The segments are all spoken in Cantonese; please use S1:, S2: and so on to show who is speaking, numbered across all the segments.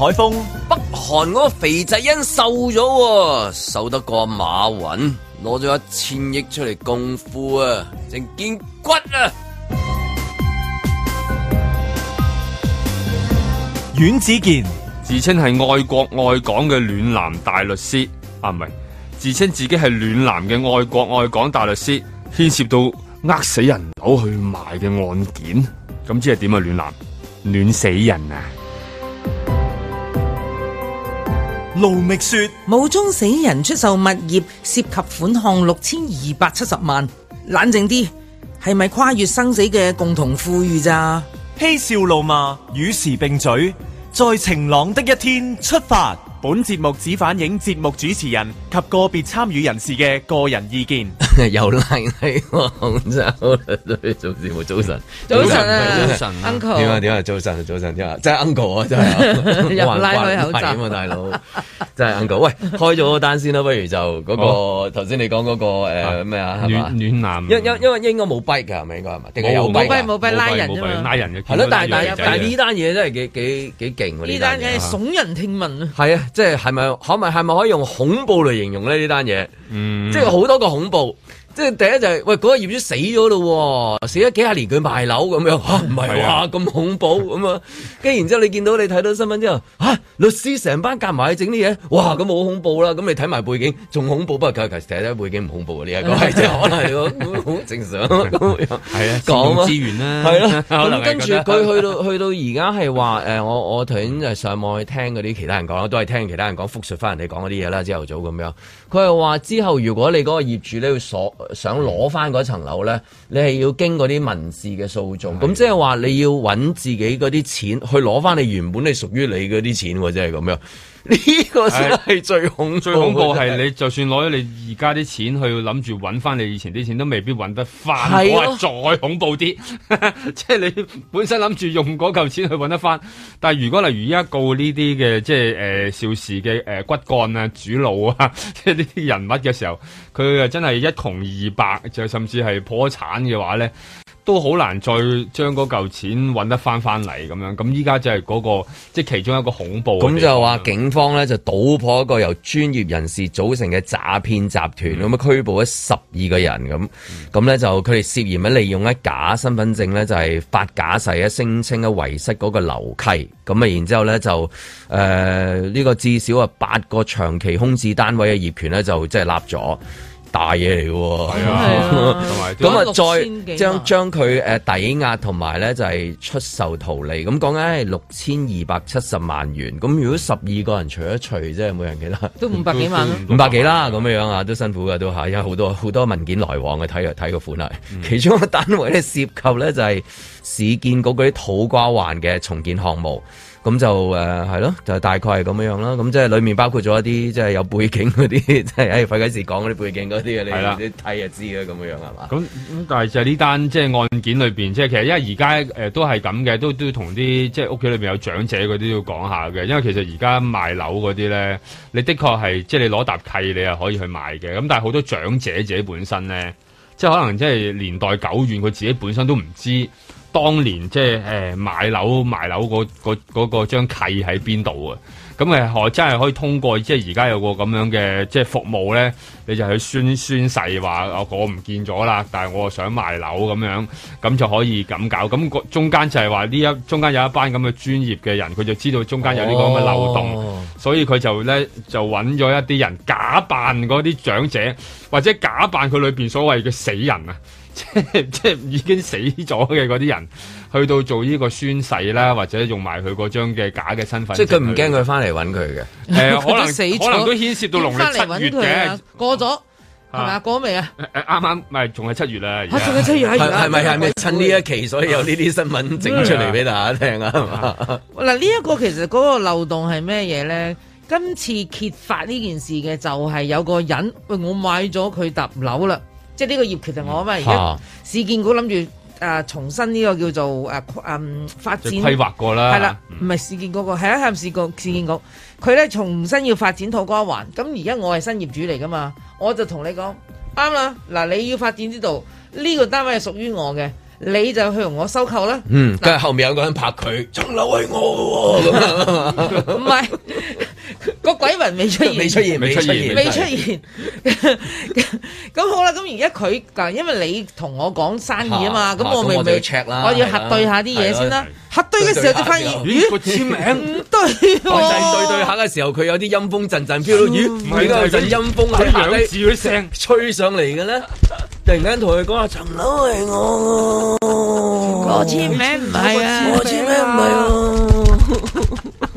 S1: 海風，北韓嗰個肥仔因瘦咗，瘦得過馬雲，攞咗一千億出嚟功夫啊，正見骨啊！
S2: 阮子健自稱係愛國愛港嘅暖男大律師，啊唔係，自稱自己係暖男嘅愛國愛港大律師，牽涉到呃死人樓去賣嘅案件，咁即係點啊？暖男暖死人啊！
S3: 盧覓雪冒充死人出售物業，涉及款項六千二百七十萬。冷靜啲，係咪跨越生死嘅共同富裕咋？嬉
S1: 笑怒罵，與時並舉，在晴朗的一天出發。本節目只反映節目主持人及個別參與人士嘅個人意見。又拉你我廣州嚟做節目，早晨，早晨啊，早晨啊，Uncle，點啊點啊，早晨，早晨，真係真係 Uncle 啊，真
S3: 係又拉佢口罩
S1: 啊，大佬，真係 Uncle。喂，開咗個單先啦，不如就嗰個頭先你講嗰個誒咩啊，暖暖男。因因因為應該冇 bite 噶係咪？應該係咪？冇冇 bite，冇 bite 拉人啫嘛，拉人嘅係咯。但係但係但係呢單嘢都係幾幾幾勁。呢單嘢
S3: 聳人聽聞咯，係啊。
S1: 即係係咪可咪係咪可以用恐怖嚟形容咧呢單嘢？嗯、即係好多個恐怖。即係第一就係、是、喂，嗰、那個業主死咗咯喎，死咗幾廿年佢賣樓咁樣，唔係喎，咁、啊、恐怖咁啊！跟 然之後你見到你睇到新聞之後，啊，律師成班夾埋去整啲嘢，哇咁好恐怖啦！咁你睇埋背景，仲恐怖。不過其實第一背景唔恐怖呢一 個係即係可能 正常，係 啊，講資、啊、源啦、啊，係咯、啊。跟住佢去到 去到而家係話誒，我我頭先上網去聽嗰啲其他人講，都係聽其他人講復述翻人哋講嗰啲嘢啦，朝頭早咁樣。佢係話之後如果你嗰個業主咧去鎖。想攞翻嗰層樓呢，你係要經過嗰啲民事嘅訴訟，咁即係話你要
S2: 揾自己嗰啲錢去攞翻你原本你屬於你嗰啲錢，或者係咁樣。呢、這個先係最恐最恐怖係、哎、你，就算攞咗你而家啲錢去諗住揾翻你以前啲錢，都未必揾得翻。係、哦、再恐怖啲。即係你本身諗住用嗰嚿錢去揾得翻，但係如果例如依家告呢啲嘅，即係誒肇事嘅誒骨幹啊、主腦啊，即係呢啲人物嘅時候，佢啊真係一窮二白，就甚至係破產嘅話咧，都好難再將嗰嚿錢揾得返返嚟咁樣，咁依家就係嗰、那個即係其中一個恐怖。咁就話警方呢，
S1: 就搗破一個由專業人士組成嘅詐騙集團，咁、嗯、樣拘捕咗十二個人咁。咁呢，嗯、就佢哋涉嫌咧利用一假身份證呢，就係、是、發假誓啊，聲稱啊遺失嗰個樓契，咁啊然之後咧就誒呢、呃這個至少啊八個長期空置單位嘅業權呢，就即係立咗。大嘢嚟喎，係啊，咁 啊，再將將佢誒抵押同埋咧就係、是、出售逃利，咁講緊係六千二百七十萬元。咁如果十二個人除一除，即係每人幾多？都五百幾萬，五百幾啦，咁樣啊，都辛苦噶，都吓，因為好多好多文件來往嘅，睇嚟睇個款係、嗯，其中一個單位咧涉及咧就係、是、市建局嗰個啲土瓜灣嘅重建項目。咁就誒係咯，就大概係咁樣樣啦。咁即係
S2: 裏面包括咗一啲即係有背景嗰啲，即係誒費解時講嗰啲背景嗰啲嘢，你睇
S1: 就知啦。咁樣樣係嘛？
S2: 咁但係就係呢單即係案件裏面，即係其實因為而家都係咁嘅，都都同啲即係屋企裏面有長者嗰啲要講下嘅。因為其實而家賣樓嗰啲咧，你的確係即係你攞搭契，你又可以去賣嘅。咁但係好多長者自己本身咧，即係可能即係年代久遠，佢自己本身都唔知。當年即係誒、欸、買樓賣樓嗰嗰嗰個張契喺邊度啊？咁誒真係可以通過即係而家有個咁樣嘅即係服務咧，你就去宣宣誓話我唔見咗啦，但係我想賣樓咁樣，咁就可以咁搞。咁、嗰個、中間就係話呢一中間有一班咁嘅專業嘅人，佢就知道中間有呢個咁嘅漏洞，oh. 所以佢就咧就揾咗一啲人假扮嗰啲長者，或者假扮佢裏邊所謂嘅死人啊。 即即已經死咗嘅嗰啲人，去到做呢個宣誓啦，或者用埋佢嗰張嘅假嘅身份。即係佢唔驚佢翻嚟揾佢嘅。誒、嗯，
S1: 可能可能都牽涉到農曆七月嘅過咗，係咪啊？
S3: 過咗未啊？
S1: 啱啱咪仲係七月啦。吓仲係七月，係唔係？咪、啊啊啊啊啊啊啊、趁呢一期，所以有呢啲新聞整出嚟俾大家聽、嗯、係
S3: 咪啊？嗱、啊，呢、啊、一、啊啊啊這個其實嗰個漏洞係咩嘢咧？今次揭發呢件事嘅就係有個人喂我買咗佢揼樓啦。即係呢個業權係我啊嘛，而家市建局諗住誒重新呢個叫做誒誒、嗯、發展、就是、規劃過啦，係啦，唔係市建局個係啊，係市局市建局，佢咧重新要發展土瓜灣，咁而家我係新業主嚟噶嘛，我就同你講啱啦，嗱，你要發展呢度呢個單位係屬於我嘅。你就去同我收購啦。嗯，
S1: 跟、啊、住後面有個人拍佢，層樓係我喎。咁啊，
S3: 唔係
S1: 不是 個
S3: 鬼魂未出現，未出現，未出現。咁 好啦，咁而家佢嗱，因為你同我講生意啊嘛，咁、啊啊、我咪咪 check 啦，我要核對下啲嘢先啦。啊啊、核對嘅時候就發、啊啊啊、發現，咦個簽名唔對、啊。我 第二對對
S1: 下嘅時候，佢有啲陰風陣陣飄到， 咦唔係啊？陰 風喺拍低字嘅聲吹上嚟嘅咧。突然間同佢講：阿層樓係我，我 簽名唔係啊！我簽名唔係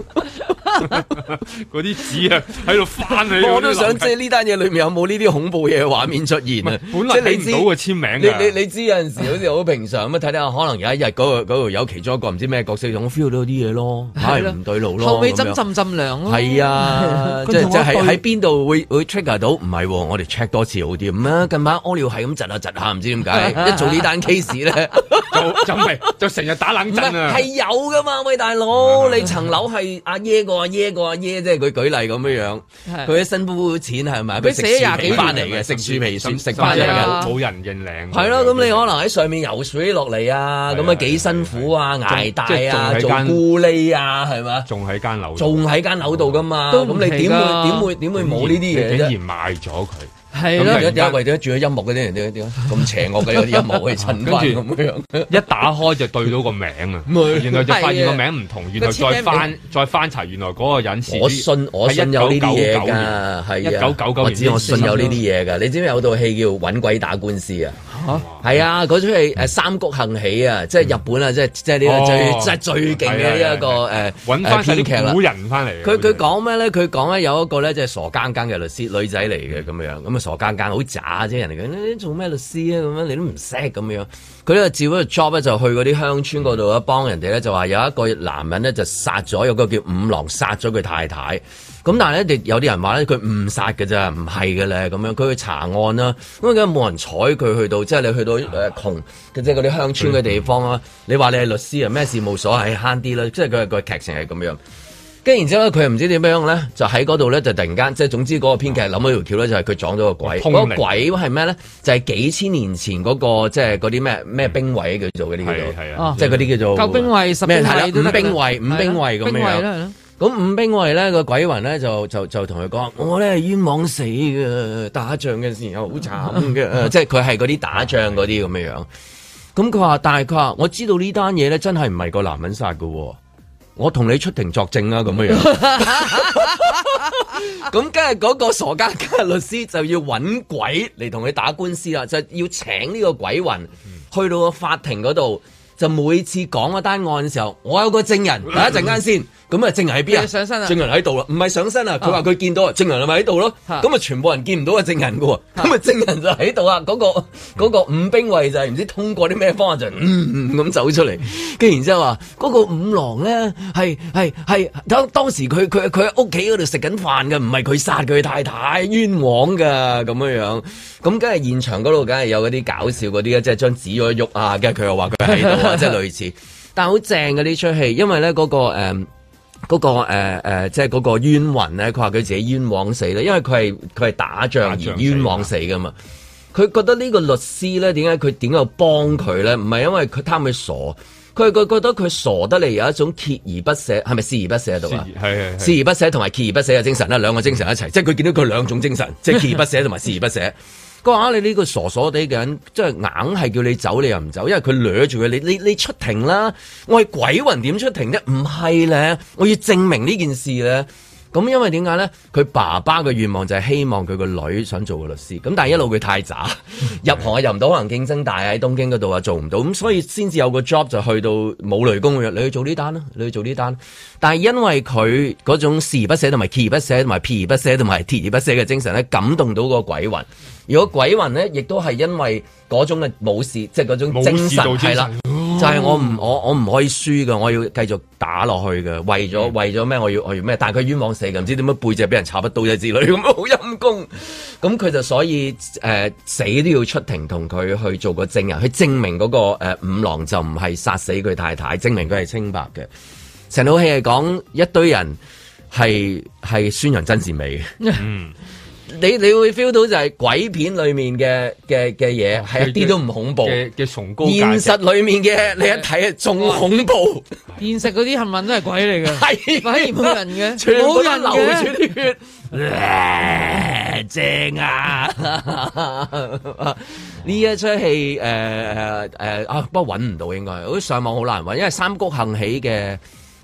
S1: 嗰啲紙啊，喺度翻嚟，我都想知呢單嘢裏面有冇呢啲恐怖嘢嘅畫
S2: 面出現啊！本來你簽個簽名，你你，
S1: 你知有陣時好似好平常咁啊！睇 下可能有一日嗰度有其中一個唔知咩角色，你仲 feel 到啲嘢咯，係唔對路、啊、咯，後尾浸浸
S3: 浸涼咯，係啊，即係即係喺
S1: 邊度會會 trigger 到？唔係，我哋 check 多次好啲。咁啊，近排屙尿係咁窒下窒下，唔知點解一做呢單 case 咧，
S2: 就就成日打冷
S1: 震啊！係有噶嘛，喂，大佬，你層樓係阿爺個。阿爺個阿爺，即係佢舉例咁樣樣，佢啲辛苦錢係咪？佢寫廿幾萬嚟嘅，食樹皮，食食翻，冇人認領。係咯，咁你、啊、可能喺上面游水落嚟啊，咁啊幾辛苦啊，捱大啊，做咕喱啊，係咪？仲喺間樓，仲喺間樓度噶嘛？咁你點會點會點會冇呢啲嘢啫？竟然
S2: 賣咗佢。係啦，又
S1: 為咗住喺音樂嗰啲人，點
S2: 點咁邪惡嘅音樂去襯翻咁樣， 一打開就對到個名啊！ 原來就發現個名唔同 不，原來再翻 再翻查，原來嗰個人我信我信
S1: 有呢啲嘢㗎，係啊，一九九九年我知我信有呢啲嘢㗎，你知唔知有套戲叫揾鬼打官司啊？係啊，嗰出戲誒《三谷幸喜》啊，即係日本啊，嗯、即係即係呢個最、哦、即係最勁嘅呢一個誒誒編劇啦。古人翻嚟，佢佢講咩咧？佢講咧有一個咧即係傻更更嘅律師，女仔嚟嘅咁樣，咁啊傻更更，好渣啫人哋嘅。你做咩律師啊？咁樣你都唔識咁樣。佢呢就接嗰個 job 咧，就去嗰啲鄉村嗰度，一幫人哋咧就話有一個男人咧就殺咗，有個叫五郎殺咗佢太太。咁但係咧，有啲人話咧，佢誤殺嘅咋，唔係嘅咧，咁樣佢去查案啦，咁啊冇人睬佢去到，即係你去到誒窮、啊，即係嗰啲鄉村嘅地方啦、嗯嗯。你話你係律師啊，咩事務所係慳啲啦，即係佢、那個劇情係咁樣，樣。跟然之後咧，佢唔知點樣咧，就喺嗰度咧，就突然間，即係總之嗰個編劇諗一條橋咧，就係、是、佢撞咗個鬼。嗰個鬼係咩咧？就係、是、幾千年前嗰、那個，即係嗰啲咩咩兵衛叫做嗰啲、就是、叫做，即係嗰啲叫做。救兵衛十兵衛五兵衛咁樣。咁伍兵衛咧、呢個鬼魂咧就就就同佢講，我咧冤枉死嘅，打仗嘅時候好慘嘅，即係佢係嗰啲打仗嗰啲咁嘅樣。咁佢話，但係佢話我知道呢單嘢咧真係唔係個男人殺喎。我同你出庭作證啦咁樣，樣。咁，今日嗰個傻家家律師就要揾鬼嚟同佢打官司啦，就要請呢個鬼魂去到個法庭嗰度。就每次講嗰單案嘅時候，我有個證人，第一陣間先。咁、嗯、啊，證人喺邊啊？上身啊他他？證人喺度啦，唔係上身啊！佢話佢見到證人係咪喺度咯？咁啊，全部人見唔到個證人嘅喎，咁啊，證人就喺度啊！嗰、那個嗰、那個、五兵衞就係、是、唔知通過啲咩方式、就是，就、嗯、咁、嗯、走出嚟。跟住然之後話嗰、那個五郎咧係係係當當時佢佢佢喺屋企嗰度食緊飯嘅，唔係佢殺佢太太冤枉嘅咁嘅樣。咁梗係現場嗰度梗係有嗰啲搞笑嗰啲即係將紙喐一喐啊，跟住佢又話佢喺度。是是是 即係類似，但係好正嘅呢出戲，因為咧、嗰、嗰個誒，呃嗰個誒誒，即、呃、係、呃就係、個冤魂咧，佢話佢自己冤枉死咧，因為佢係佢係打仗而冤枉死噶嘛。佢覺得呢個律師咧，點解佢點解幫佢咧？唔係因為佢貪佢傻，佢係佢覺得佢傻得嚟有一種鍥而不捨，係咪鍥而不捨喺度啊？係係鍥而不捨同埋鍥而不捨嘅精神啦，兩個精神一齊，即係佢見到佢兩種精神， 即係鍥而不捨同埋鍥而不捨。啊！你呢個傻傻地嘅人，即係硬係叫你走，你又唔走，因為佢掠住佢。你你你出庭啦！我係鬼魂點出庭啫？唔係咧，我要證明呢件事咧。咁因為點解咧？佢爸爸嘅願望就係希望佢個女想做個律師。咁但係一路佢太渣，入行啊入唔到，可能競爭大喺東京嗰度啊做唔到。咁所以先至有個 job 就去到冇雷公嘅，你去做呢單囉，你去做呢單。但係因為佢嗰種鍥而不捨同埋鍥而不捨同埋鍥而不捨同埋鍥而不捨嘅精神咧，感動到個鬼魂。如果鬼魂咧，亦都係因為嗰種嘅武士，即係嗰種精神啦。但係我唔我我唔可以輸㗎。我要繼續打落去㗎。為咗為咗咩？我要我要咩？但係佢冤枉死㗎。唔知點樣背脊俾人插把刀啫之類咁，好陰功。咁佢就所以誒、呃、死都要出庭，同佢去做個證人，去證明嗰，那個誒、呃、五郎就唔係殺死佢太太，證明佢係清白嘅。成套戲係講一堆人係係宣揚真善美嘅，嗯。你你會 feel 到就係鬼片裏面嘅嘅嘅嘢係一啲都唔恐怖嘅嘅崇高。現實裏面嘅你一睇啊，仲恐怖！
S3: 現實嗰啲幸運都係鬼嚟㗎，係反而冇人嘅，全部都係流住啲
S1: 血， 正啊！呢 一出戲誒誒啊，不過揾唔到應該，好似上網好難揾，因為三谷幸喜嘅。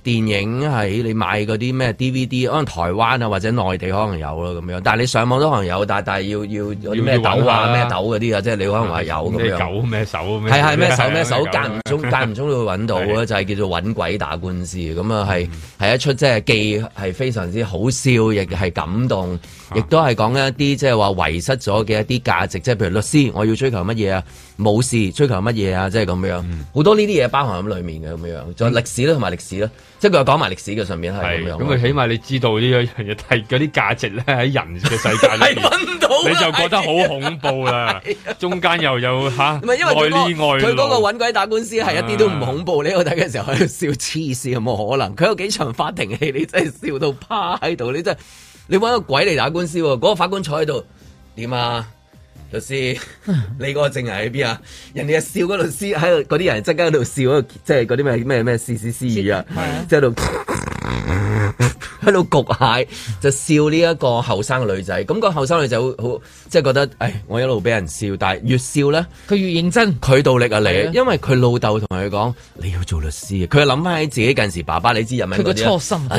S1: 電影係你買嗰啲咩 DVD，可能台灣啊或者內地可能有咯咁樣，但係你上網都可能有，但係要要咩斗啊咩斗嗰啲啊，即係你可能話有咁樣。咩、嗯、狗咩
S2: 手？係咩手咩手？間唔中間唔
S1: 中都會揾到就係、是、叫做揾鬼打官司咁啊，係係、嗯、一出即係既係非常之好笑，亦係感動，亦都係講緊一啲即係話遺失咗嘅一啲價值，即係譬如律師，我要追求乜嘢啊？冇事，追求乜嘢啊？即係咁樣，好、嗯、多呢啲嘢包含喺裏面嘅咁樣，仲有歷
S2: 史啦，同埋歷史啦，即係佢又講埋歷史嘅、就是、上面，係咁佢起碼你知道呢樣嘢，係嗰啲價值咧喺人嘅世界面。係 搵唔到，你就覺得好恐怖啦。 中間又有吓因為呢佢嗰個搵
S1: 鬼打官司係一啲都唔恐怖。你睇嘅時候喺度笑黐線，有冇可能。佢有幾場法庭戲，你真係笑到趴喺度。你真係你搵個鬼嚟打官司？嗰、那個法官坐喺度點啊？律師， 你嗰個證人喺邊啊？人哋一笑嗰律師喺度，嗰啲人即刻喺度笑，即係嗰啲咩咩咩 ccc 啊，即係度。喺 度焗蟹就笑呢一個後生女仔，咁個後生女仔好，即係覺得，唉，我一路俾人笑，但係越笑咧，佢越認真。佢到力啊你，因為佢老豆同佢講，你要做律師，佢諗翻起自己近時爸爸，你知有咩？佢個初心。我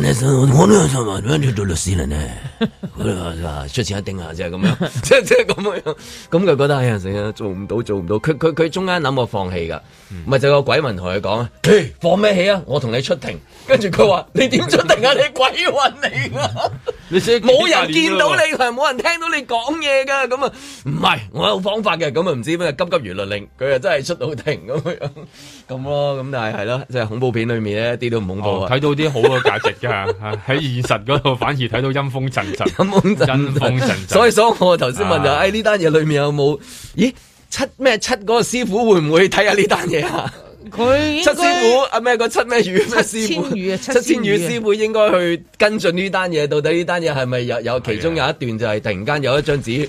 S1: 諗想問，點解要做律師咧？出錢一定 啊，即係咁樣，即係即係咁樣，咁佢覺得呀，死啊，做唔到，做唔到。佢佢佢中間諗過放棄噶，咪就是個鬼文同佢講啊，放咩棄啊？我同你出庭。跟住佢話你點出庭啊，你鬼魂嚟啊！冇、嗯、人見到你佢係冇人聽到你講嘢噶，咁啊唔係我有方法嘅，咁啊唔知
S2: 咩急急如律令，
S1: 佢啊真係出到庭。
S2: 咁樣咁咯，咁但係係咯，即、就、係、是、恐怖片裏面咧啲都唔恐怖啊！睇、哦、到啲好嘅價值噶，喺 現實嗰度反而睇到陰風陣陣，陰風陣陣，所以，所以我頭先問就，誒呢單嘢裏面有冇？咦
S1: 七咩七嗰個師傅會唔會睇下呢單嘢啊？佢七師傅啊？咩個七咩魚？七千魚啊！七千魚師傅應該去跟進呢單嘢，到底呢單嘢係咪有有其中有一段就係突然間，有一張紙。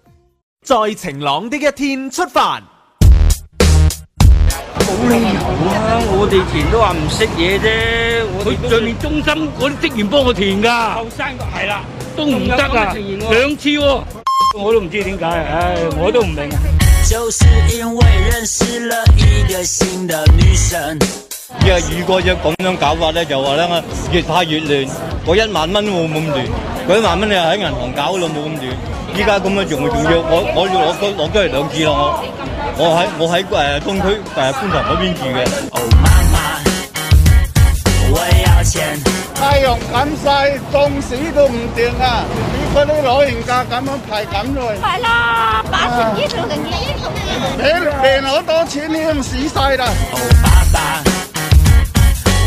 S1: 在晴朗的一天
S2: 出發。冇理由啊！我哋填都話唔識嘢啫，我上面中心嗰啲職員幫我填噶。後生係啦，都唔得啊，兩、啊、次、啊，我都唔知點解，唉，我都唔明、啊。
S1: 就是因為認識了一個新的女生
S2: 如果要咁樣搞法咧，就話咧我越派越亂，我一萬蚊都冇咁亂，我一萬蚊你又喺銀行搞到冇咁亂，依家咁樣仲仲要，我我要攞攞攞出嚟，兩住咯我，我喺我喺誒東區誒觀塘嗰邊住嘅。太
S1: 陽咁曬，凍死都唔掂啊！你嗰啲老人家咁樣排咁耐。係啦，八千幾度嘅熱。俾俾好多錢你都唔使晒啦。好巴散。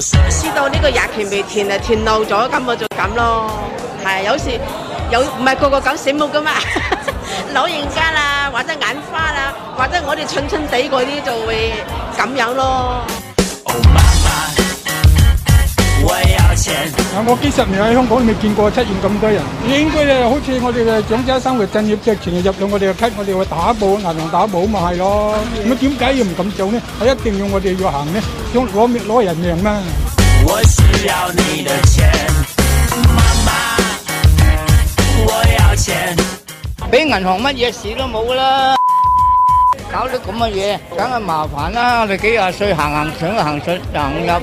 S3: 知道呢個日期未填啊，填漏咗咁我就咁咯，係有時有唔係個個咁醒目噶嘛， 老人家啦或者眼花啦或者我哋蠢蠢地嗰啲就會咁樣咯。Oh
S2: 嗱，我幾十年喺香港未見過出現咁多人，應該咧好似我哋嘅長者生活津貼，即係全部入咗我哋嘅卡，我哋話打補銀行打補咪係咯，咁啊點解要唔敢做呢？係一定要我哋要行呢，要攞攞人命啦！
S1: 我需要你嘅錢，媽媽，
S3: 我要錢，俾銀行乜嘢事都冇啦，搞啲咁嘅嘢梗係麻煩啦！你幾廿歲行行上行上行入。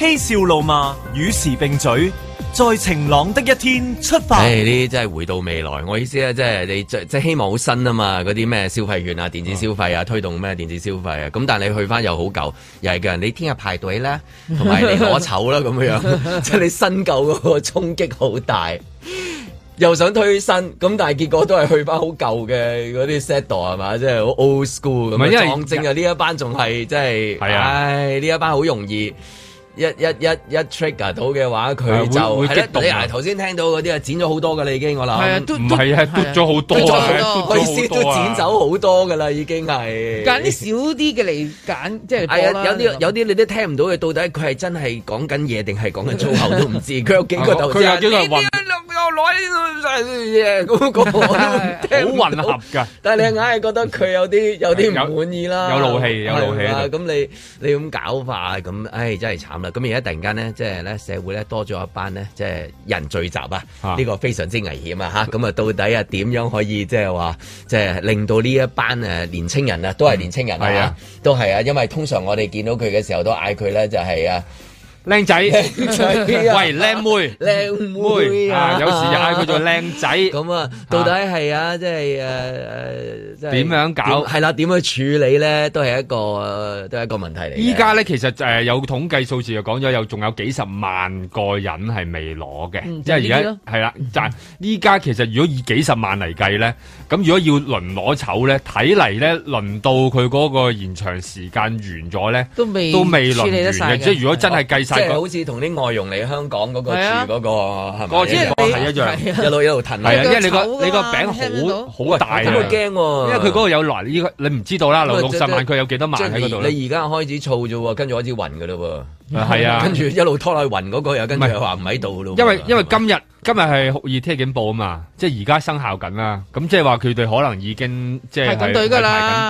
S1: 嬉笑怒罵與時並舉，在晴朗的一天出發。唉、哎，呢啲真係回到未來。我意思咧，即、就、係、是、你即即、就是、希望好新啊嘛，嗰啲咩消費券啊、電子消費啊、哦，推動咩電子消費啊。咁但係你去翻又好舊，又係噶。你聽日排隊咧，同埋你攞籌啦咁樣，即、就、係、是、你新舊嗰個衝擊好大，又想推新，咁但係結果都係去翻好舊嘅嗰啲 set 係嘛，即係好 old school 咁。唔係因為正、呃、啊，呢、哎、一班仲係即係，係啊，呢一班好容易。一一一一 trigger 到嘅話，佢就會，會激你嗱頭先聽到嗰啲啊，剪咗好多嘅啦，已經的我諗想。係啊，嘟
S2: 唔係啊咗好多啊，可
S1: 以的剪到剪走好多嘅啦，已經係。揀啲
S3: 少啲嘅嚟揀，即、就、係、是。係啊，有啲
S1: 有啲你都聽唔到嘅，到底佢係真係講緊嘢定係講緊粗口都唔知。佢 有幾個豆佢有叫做混。
S3: 喂，
S1: 咁咁我都好混合噶，但係你硬係覺得佢有啲有啲唔滿意啦，有怒氣，有怒氣。咁、嗯、你你咁搞法，咁唉、哎、真係慘啦。咁而家突然間咧，即係咧社會咧多咗一班咧，即、就、係、是、人聚集啊，呢、這個非常之危險啊，嚇！咁啊，到底啊點樣可以即係話即係令到呢一班誒年青人，年輕人、嗯、啊，都係年青人啊，都係啊，因為通常我哋見到佢嘅時候都嗌佢咧就係、是、啊。靚仔，喂，靚妹，妹，靚妹，妹啊，啊！有時又嗌佢做靚仔咁啊，啊，到底係啊，啊，即係誒誒，點樣搞？係
S2: 啦，點樣處理咧、啊，都係一個都係一個問題嚟。依家咧，其實誒有統計數字就講咗，有仲有幾十萬個人係未攞嘅，即係而家係啦。就係依家其實如果以幾十萬嚟計咧，咁如果要輪攞籌咧，睇嚟咧，輪到佢個延長時間完咗咧，都
S1: 未都未輪完嘅。即係如果真係計。即、就、係、是、好似同啲外傭嚟香港嗰個住嗰
S3: 個係咪啊？即係你係一樣，一路
S1: 一路騰嘅。因為你個你個餅好好大咁驚！因為佢嗰
S2: 個有來，你唔知道啦。來六十萬,萬，佢有幾多萬喺嗰度你而
S1: 家開始燥
S2: 啫喎，跟住開始暈嘅嘞喎。啊，跟住、啊、一路拖落去暈嗰個又，又跟住佢話唔喺度咯。因為是是因為今日今日係好易踢警報啊嘛，即係而家生效緊啦。咁即係話佢哋可能已經即係排緊隊，隊，隊，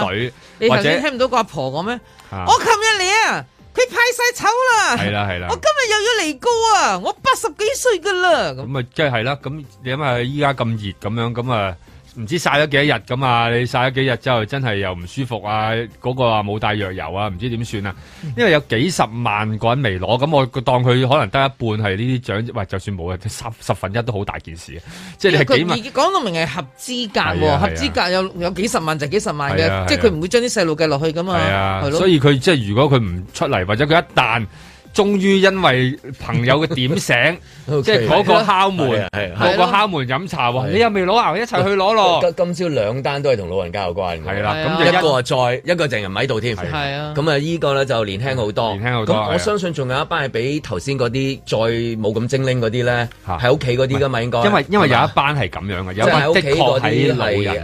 S2: 隊。你頭先聽
S3: 唔到個阿婆講咩？我琴日嚟！啊！佢派晒丑啦！係啦係啦，我今日又要嚟高啊！我八十幾歲噶啦，
S2: 咁啊，即係係啦，咁你諗下依家咁熱咁樣，咁啊。唔知曬咗幾多日咁啊！你曬咗幾日之後，真係又唔舒服啊！嗰、嗰個冇帶藥油啊，唔知點算啊！因為有幾十萬個人未攞，咁我當佢可能得一半係呢啲獎，喂，就算冇啊，十十分一都好大件事，即係你幾萬，
S3: 講到明係合資格、啊啊，合資格有有幾十萬就幾十萬嘅，即係佢唔會將啲細路計落去噶嘛。係啊，所以
S2: 佢即係如果佢唔出嚟，或者佢一旦終於因為朋友嘅點醒，即係嗰個敲門，嗰、 啊啊啊、個敲門飲茶喎、啊啊，你又未攞㗎，一齊去攞咯、啊！
S1: 今朝兩單都係同老人家有關嘅，係啦、啊，一個再、啊，一個成人喺度添，係啊，咁啊依個咧就年輕好多、啊，年輕好多。我相信仲有一班係比頭先嗰啲再冇咁精靈嗰啲咧，喺屋企嗰啲噶嘛應該，因為因為有一班係咁樣嘅、啊，有班即係喺老人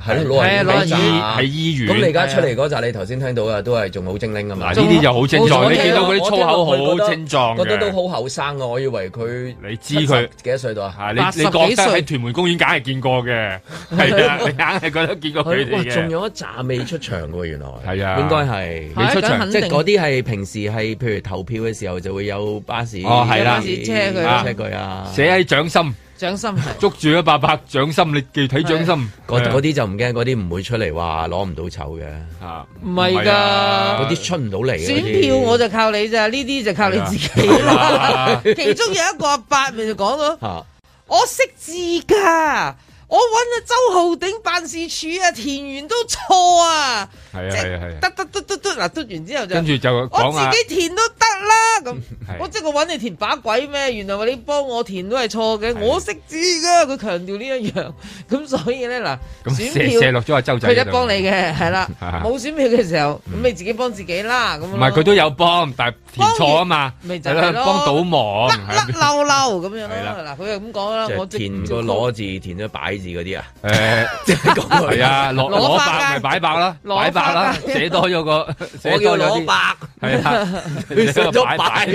S1: 喺老人院喺、啊啊、醫院。咁你而家出嚟嗰扎你頭先聽到嘅都係仲好精靈㗎嘛！呢啲就好精彩。你見到啲好精壯嘅，覺得都好後生嘅，我以為佢你知佢幾多歲度啊？八十幾歲，你覺得喺
S2: 屯門公園，梗係見過嘅，係啊，硬係覺得見過佢哋嘅。仲有一紮未出場嘅喎，原來係啊，應該係未出場，即係嗰
S1: 啲係平時係譬如投票嘅時候就會有巴士哦，係啦，車佢啊，寫喺掌心。
S3: 掌心係
S2: 捉 住一八百，掌心，你記睇掌心，嗰啲、啊啊、就唔
S1: 驚，嗰啲唔會出嚟話攞唔到籌嘅，吓唔係噶，嗰啲出唔到嚟。選票我就
S3: 靠你咋，呢啲、啊、就靠你自己啦。啊、 其中有一個 阿伯咪就講咯， 我識字噶。我揾阿周浩鼎辦事處啊，填完都錯啊，即係得得得得得嗱，填完之後就，跟住就，我自己填都得啦咁，我即係我揾你填把鬼咩？原來話你幫我填都係錯嘅，我識字噶，佢強調呢一樣，咁所以咧嗱，咁、嗯、票射落咗阿周仔，佢一幫你嘅係啦，冇、啊、選票嘅時候咁、嗯、你自己幫自己啦，咁唔係
S2: 佢都有幫，但係填
S3: 錯啊嘛，咪就係、是、咯，甩
S2: 甩
S3: 漏漏咁樣啦，嗱佢又咁講啦，我 填個攞
S1: 字填咗擺。字嗰啲啊，誒，
S2: 係啊，
S3: 落攞白
S2: 咪擺白啦，
S3: 擺白啦，寫多咗
S2: 個，
S1: 我叫攞白，
S3: 係啊，寫咗擺，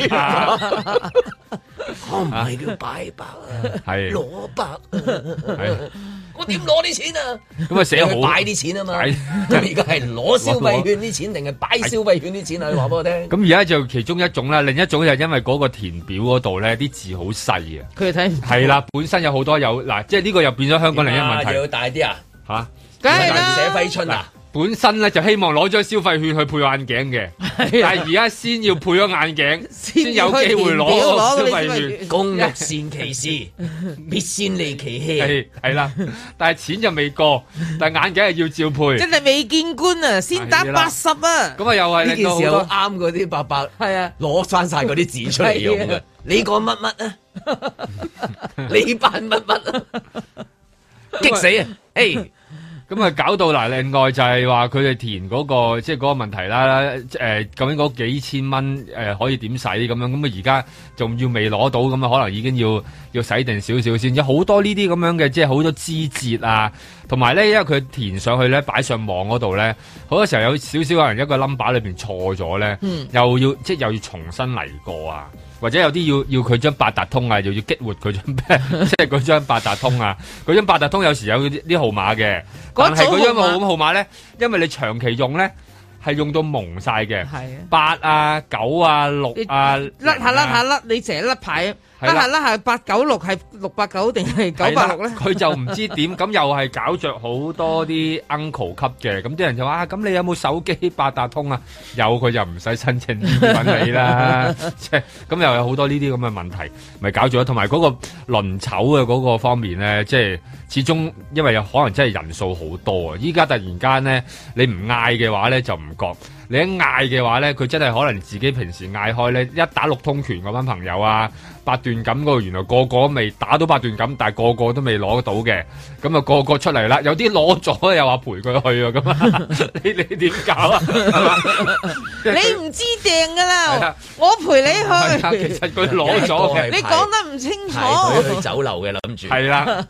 S3: 我唔係叫擺白啊，係、啊，攞白、啊、白。 我點攞啲錢啊？咁啊，寫好，擺啲錢
S1: 啊嘛。而家係攞消費券啲錢，定係擺消費券啲錢啊？你話俾我聽。
S2: 咁而家就其中一種啦，另一種就因為嗰個填表嗰度咧，啲字好細啊。佢哋睇係啦，本身有好多有嗱，即係呢個又變咗香港另一問題，哋、啊、要大啲啊？吓、啊，但係寫揮春啊？本身咧就希望攞張消費券去配眼鏡嘅，但係而家先要配咗眼鏡， 先有機會攞消費券。工欲善其事，必先利其器。係係啦，但係錢就未過，但係眼鏡係要照配。 真
S3: 係未見官啊，先打八十啊！
S2: 咁啊，又係呢件事好啱
S3: 嗰啲伯伯，係 啊，
S2: 攞翻
S1: 晒嗰啲紙出嚟用嘅。你
S3: 講乜乜啊？
S1: 你扮乜乜啊？激死啊了！誒、 hey,。
S2: 咁啊，搞到嗱，另外就係話佢哋填嗰、嗰個，即係嗰個問題啦。誒、呃，究竟嗰幾千蚊誒、呃，可以點使咁樣？咁啊，而家仲要未攞到，咁啊，可能已經要要使定少少先。有好多呢啲咁樣嘅，即係好多枝節啊。同埋咧，因為佢填上去咧，擺上網嗰度咧，好多時候有少少可能一個 number 裏邊錯咗咧、嗯，又要即係又要重新嚟過啊。或者有啲要要佢張八達通啊，又要激活佢張，即係嗰張八達通啊，嗰張， 張、啊、 張八達通有時有啲啲號碼嘅，但係嗰張號號碼咧，因為你長期用咧，係用到蒙晒嘅，八啊九啊六啊，甩下甩下甩，
S3: 你成日甩牌。 拉下拉下，八九六係六八九定係九八六咧？佢就唔知點，
S2: 咁又係搞著好多啲 uncle 級嘅，咁啲人就話：咁你有冇手機八達通啊？有佢就唔使申請揾你啦，即係咁又有好多呢啲咁嘅問題，咪搞咗啦。同埋嗰個輪籌嘅嗰個方面咧，即係始終因為有可能真係人數好多啊！依家突然間咧，你唔嗌嘅話咧，就唔覺。你一嗌嘅話咧，佢真係可能自己平時嗌開咧，一打六通拳嗰班朋友啊，八段錦嗰個，原來個個都未打到八段錦，但係個個都未攞到嘅，咁啊個個出嚟啦，有啲攞咗又話陪佢去啊，咁啊你你點搞啊？你
S3: 唔知定噶啦，我陪你去。其實佢攞咗嘅，你講得唔清楚。去
S2: 酒樓嘅諗住係啦。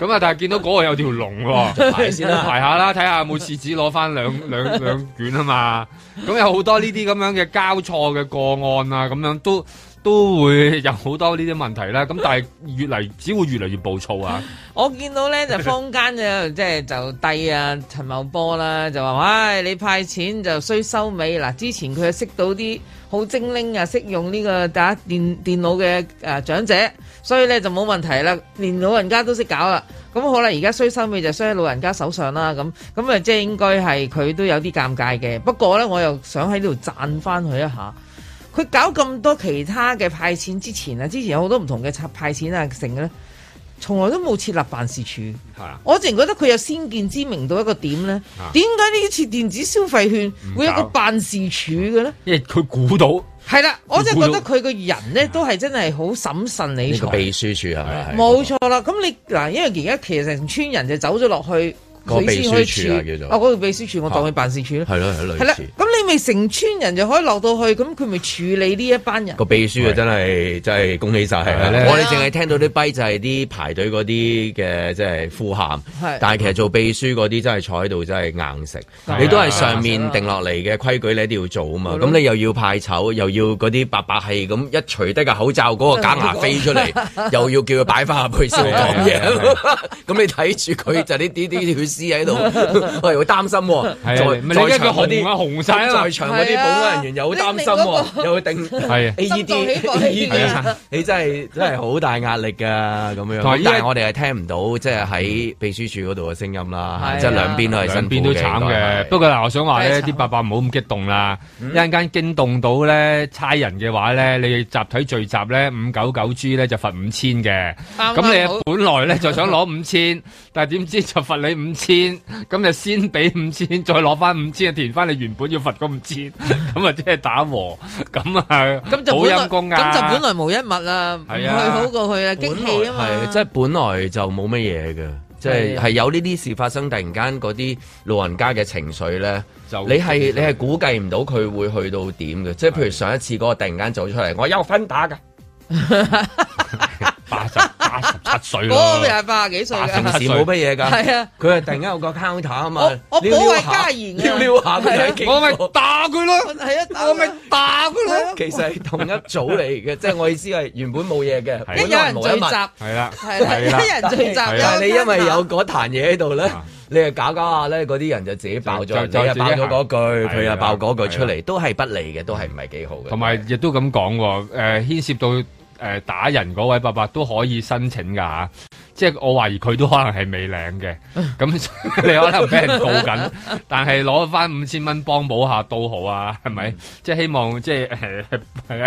S2: 咁啊！但係見到嗰個有條龍喎， 排先排下啦，睇下有冇廁紙攞翻兩兩兩 卷啊嘛！咁有好多呢啲咁樣嘅交錯嘅個案啊，咁樣都都會有好多呢啲問題啦。咁但係越嚟只會越嚟越暴躁啊！
S3: 我見到咧就坊間嘅即係就低、是、啊陳茂波啦，就話，唉、哎，你派錢就衰收尾，啦之前佢係識到啲。好精靈啊，識用呢個打電電腦嘅誒長者，所以咧就冇問題啦。連老人家都識搞啦，咁好啦。而家衰收尾就衰喺老人家手上啦。咁咁啊，即係應該係佢都有啲尷尬嘅。不過咧，我又想喺呢度讚返佢一下。佢搞咁多其他嘅派錢之前啊，之前有好多唔同嘅拆派錢啊，成嘅咧。從來都冇設立辦事處，我淨係覺得佢有先見之明到一個點咧。點解呢次電子消費券會有個辦事處嘅咧？因為佢估到係啦，我真係覺得佢個人咧都係真係好審慎，你呢個秘
S1: 書處係咪？
S3: 冇錯啦。咁你嗱，因為而家其實成村人就走咗落去，佢先可以處我嗰個秘書處，我當佢
S1: 辦事處係咯，係
S3: 你咪成村人就可以落到去，咁佢咪處理呢一班人？個
S1: 秘書啊是啊，真係真係恭喜晒！是啊是啊，我哋淨係聽到啲跛，就係啲排隊嗰啲嘅，即係呼喊。啊、但係其實做秘書嗰啲真係坐喺度，真係硬食。你都係上面定落嚟嘅規矩，你一定要做啊嘛。咁、啊、你又要派籌，又要嗰啲白白氣咁一除低個口罩，嗰個假牙飛出嚟，啊、又要叫佢擺翻入去，先講嘢。咁你睇住佢就呢啲啲血絲喺度，我 哋 會擔心、喔。係啊，啊，啊，啊，再加上紅在場嗰啲保安人員又好擔心喎、啊，又要定係啊 AED，啊 AED 啊你真係 真係好大壓力噶，咁樣，但係我哋係聽唔到，即係喺秘書處嗰度嘅聲音啦，即係兩邊都係都慘嘅。
S2: 不過嗱，我想話咧，啲伯伯唔好咁激動啦、嗯，一陣間驚動到咧差人嘅話咧，你集體聚集咧五九九 G 咧就罰五千嘅，咁、嗯、你本來咧、嗯、就想攞五千，但係點知道就罰你五千，咁就先俾五千，再攞翻五千就填翻你原本要罰。咁唔知，咁啊即係打和，咁啊，
S1: 咁就本咁就本來
S3: 冇一物啊，去好過去啊，激氣啊嘛，即係、就是、
S1: 本來就冇乜嘢嘅，即係係有呢啲事發生，突然間嗰啲老人家嘅情緒咧、啊，你係你係估計唔到佢會去到點嘅，即、就、係、是、譬如上一次嗰個突然間走出嚟，我有分打㗎， 七歲，嗰個又係
S3: 八十幾歲平時冇乜嘢噶？係啊，佢係突然間有個 counter
S1: 啊嘛，我保衞家園，嘅，撩我咪打佢咯，係啊，我咪
S3: 打佢咯。
S1: 其實係同一組嚟嘅，即係、啊就是、我意思係原本冇嘢嘅，一有人聚集，係啦，係啦，一有人聚集，但係、啊、你因為有嗰壇嘢喺度咧，你又搞搞下咧，嗰啲人就自己爆咗，就係爆咗嗰句，佢又、啊、爆嗰句出嚟、啊啊，都係不利嘅，都係唔係幾好嘅。同
S2: 埋亦都咁講，誒，牽涉到。打人嗰位伯伯都可以申請㗎。即係我懷疑佢都可能係未領嘅，咁你可能俾人告緊，但係攞翻五千蚊幫補下都好啊，係咪？即係希望即係誒誒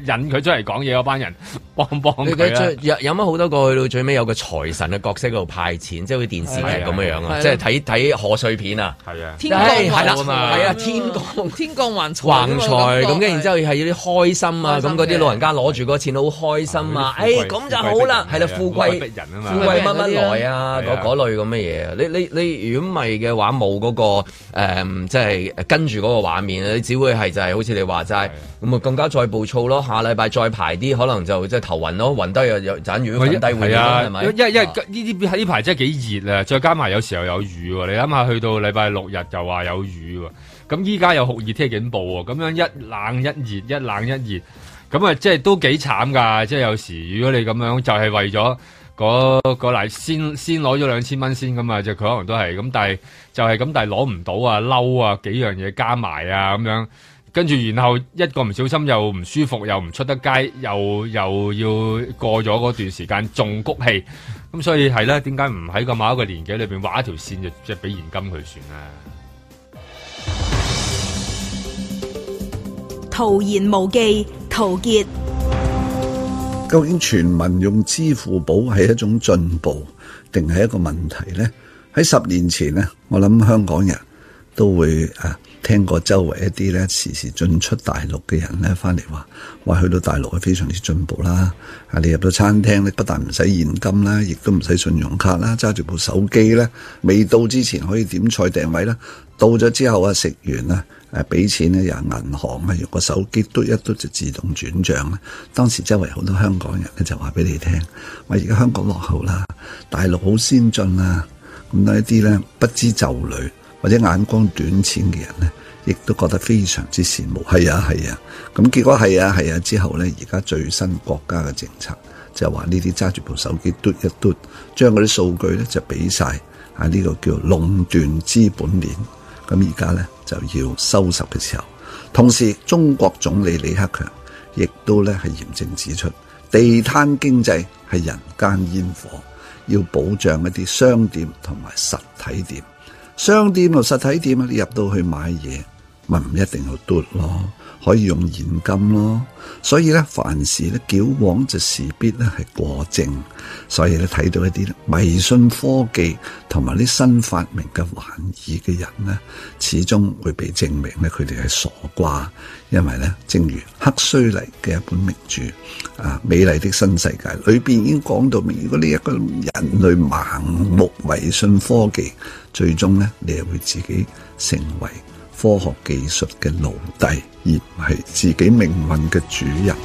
S2: 引佢出嚟講嘢嗰班人幫幫佢有
S1: 有乜好多個去到最尾有個財神嘅角色喺度派錢，即係好似電視劇咁樣啊,啊,啊，即係睇睇賀歲片啊。啊，天降橫財啊
S3: 天降、啊、天降橫財咁，跟住
S1: 之後係啲開心啊，咁嗰啲老人家攞住個錢好開心啊，咁、哎哎、就好啦，係啦，富貴逼人啊嘛。為乜乜來啊？嗰嗰類嘅嘢？你你你如果唔係嘅話，冇嗰、嗰個誒，即、嗯、係、就係、跟住嗰個畫面，你只會係就係、是、好似你話齋，咁啊更加再暴躁咯。下禮拜再排啲，可能就即係頭暈咯，暈低又又就等於暈低會啦，係咪？
S2: 一一呢啲喺呢排真係幾熱啊！再加埋有時候有雨，你諗下去到禮拜六日又話有雨，咁依家有酷熱天氣警報，咁樣一冷一熱，一冷一熱，咁啊即係都幾慘噶！即係有時如果你咁樣，就係為咗。我嚟先，先攞咗兩千蚊先㗎嘛，就佢可能都係咁，但係就係、是、咁，但係攞唔到啊，嬲啊，幾樣嘢加埋啊，咁樣跟住，然後一個唔小心又唔舒服，又唔出得街，又又要過咗嗰段時間，仲谷氣，咁所以係啦，點解唔喺咁某一個年紀裏邊畫一條線，就即係俾現金佢算啦。
S3: 徒然無忌，陶傑。
S4: 究竟全民用支付寶係一種進步，定係一個問題呢？喺十年前呢，我諗香港人都會誒聽過周圍一啲咧時時進出大陸嘅人咧，翻嚟話：話去到大陸係非常之進步啦。啊，你入到餐廳咧，不但唔使現金啦，亦都唔使信用卡啦，揸住部手機啦。未到之前可以點菜訂位啦。到咗之後啊，食完咧，誒俾錢咧又係銀行啊，用個手機嘟一嘟就自動轉賬咧。當時周圍好多香港人咧就話俾你聽：喂，而家香港落後啦，大陸好先進啦。咁一啲咧不知就裏或者眼光短淺嘅人咧，亦都覺得非常之羨慕。係啊，係啊。咁結果係啊，係啊。之後咧，而家最新國家嘅政策就話呢啲揸住部手機嘟一嘟，將嗰啲數據咧就俾晒。喺、這、呢個叫壟斷資本鏈。咁而家呢，就要收拾嘅時候，同時中國總理李克強亦都呢係嚴正指出，地攤經濟係人間煙火，要保障一啲商店同埋實體店。商店同實體店你入到去買嘢，咪唔一定要嘟咯。可以用現金咯，所以咧，凡事咧，矯枉就時必咧係過正，所以咧睇到一啲迷信科技同埋啲新發明嘅玩意嘅人咧，始終會被證明咧佢哋係傻瓜，因為咧，正如赫胥黎嘅一本名著《啊美麗的新世界》裏邊已經講到明，如果呢一個人類盲目迷信科技，最終咧你會自己成為，科學技術嘅奴隸，而唔係自己命運嘅主人。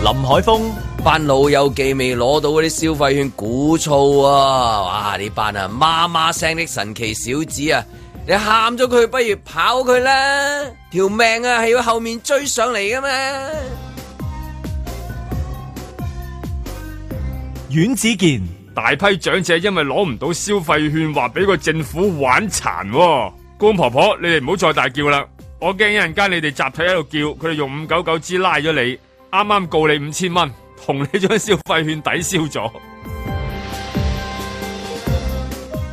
S1: 林海峰。班老友記未攞到嗰啲消費券，鼓噪啊！哇，呢班啊，媽媽聲的神奇小子啊，你喊咗佢，不如跑佢啦！條命啊，係要後面追上嚟噶嘛？
S2: 阮子健，大批長者因為攞唔到消費券，話俾個政府玩殘，啊。官婆婆，你哋唔好再大叫啦，我驚一陣間你哋集體喺度叫，佢哋用五九九支拉咗你，啱啱告你五千蚊。同你將消費券抵消咗。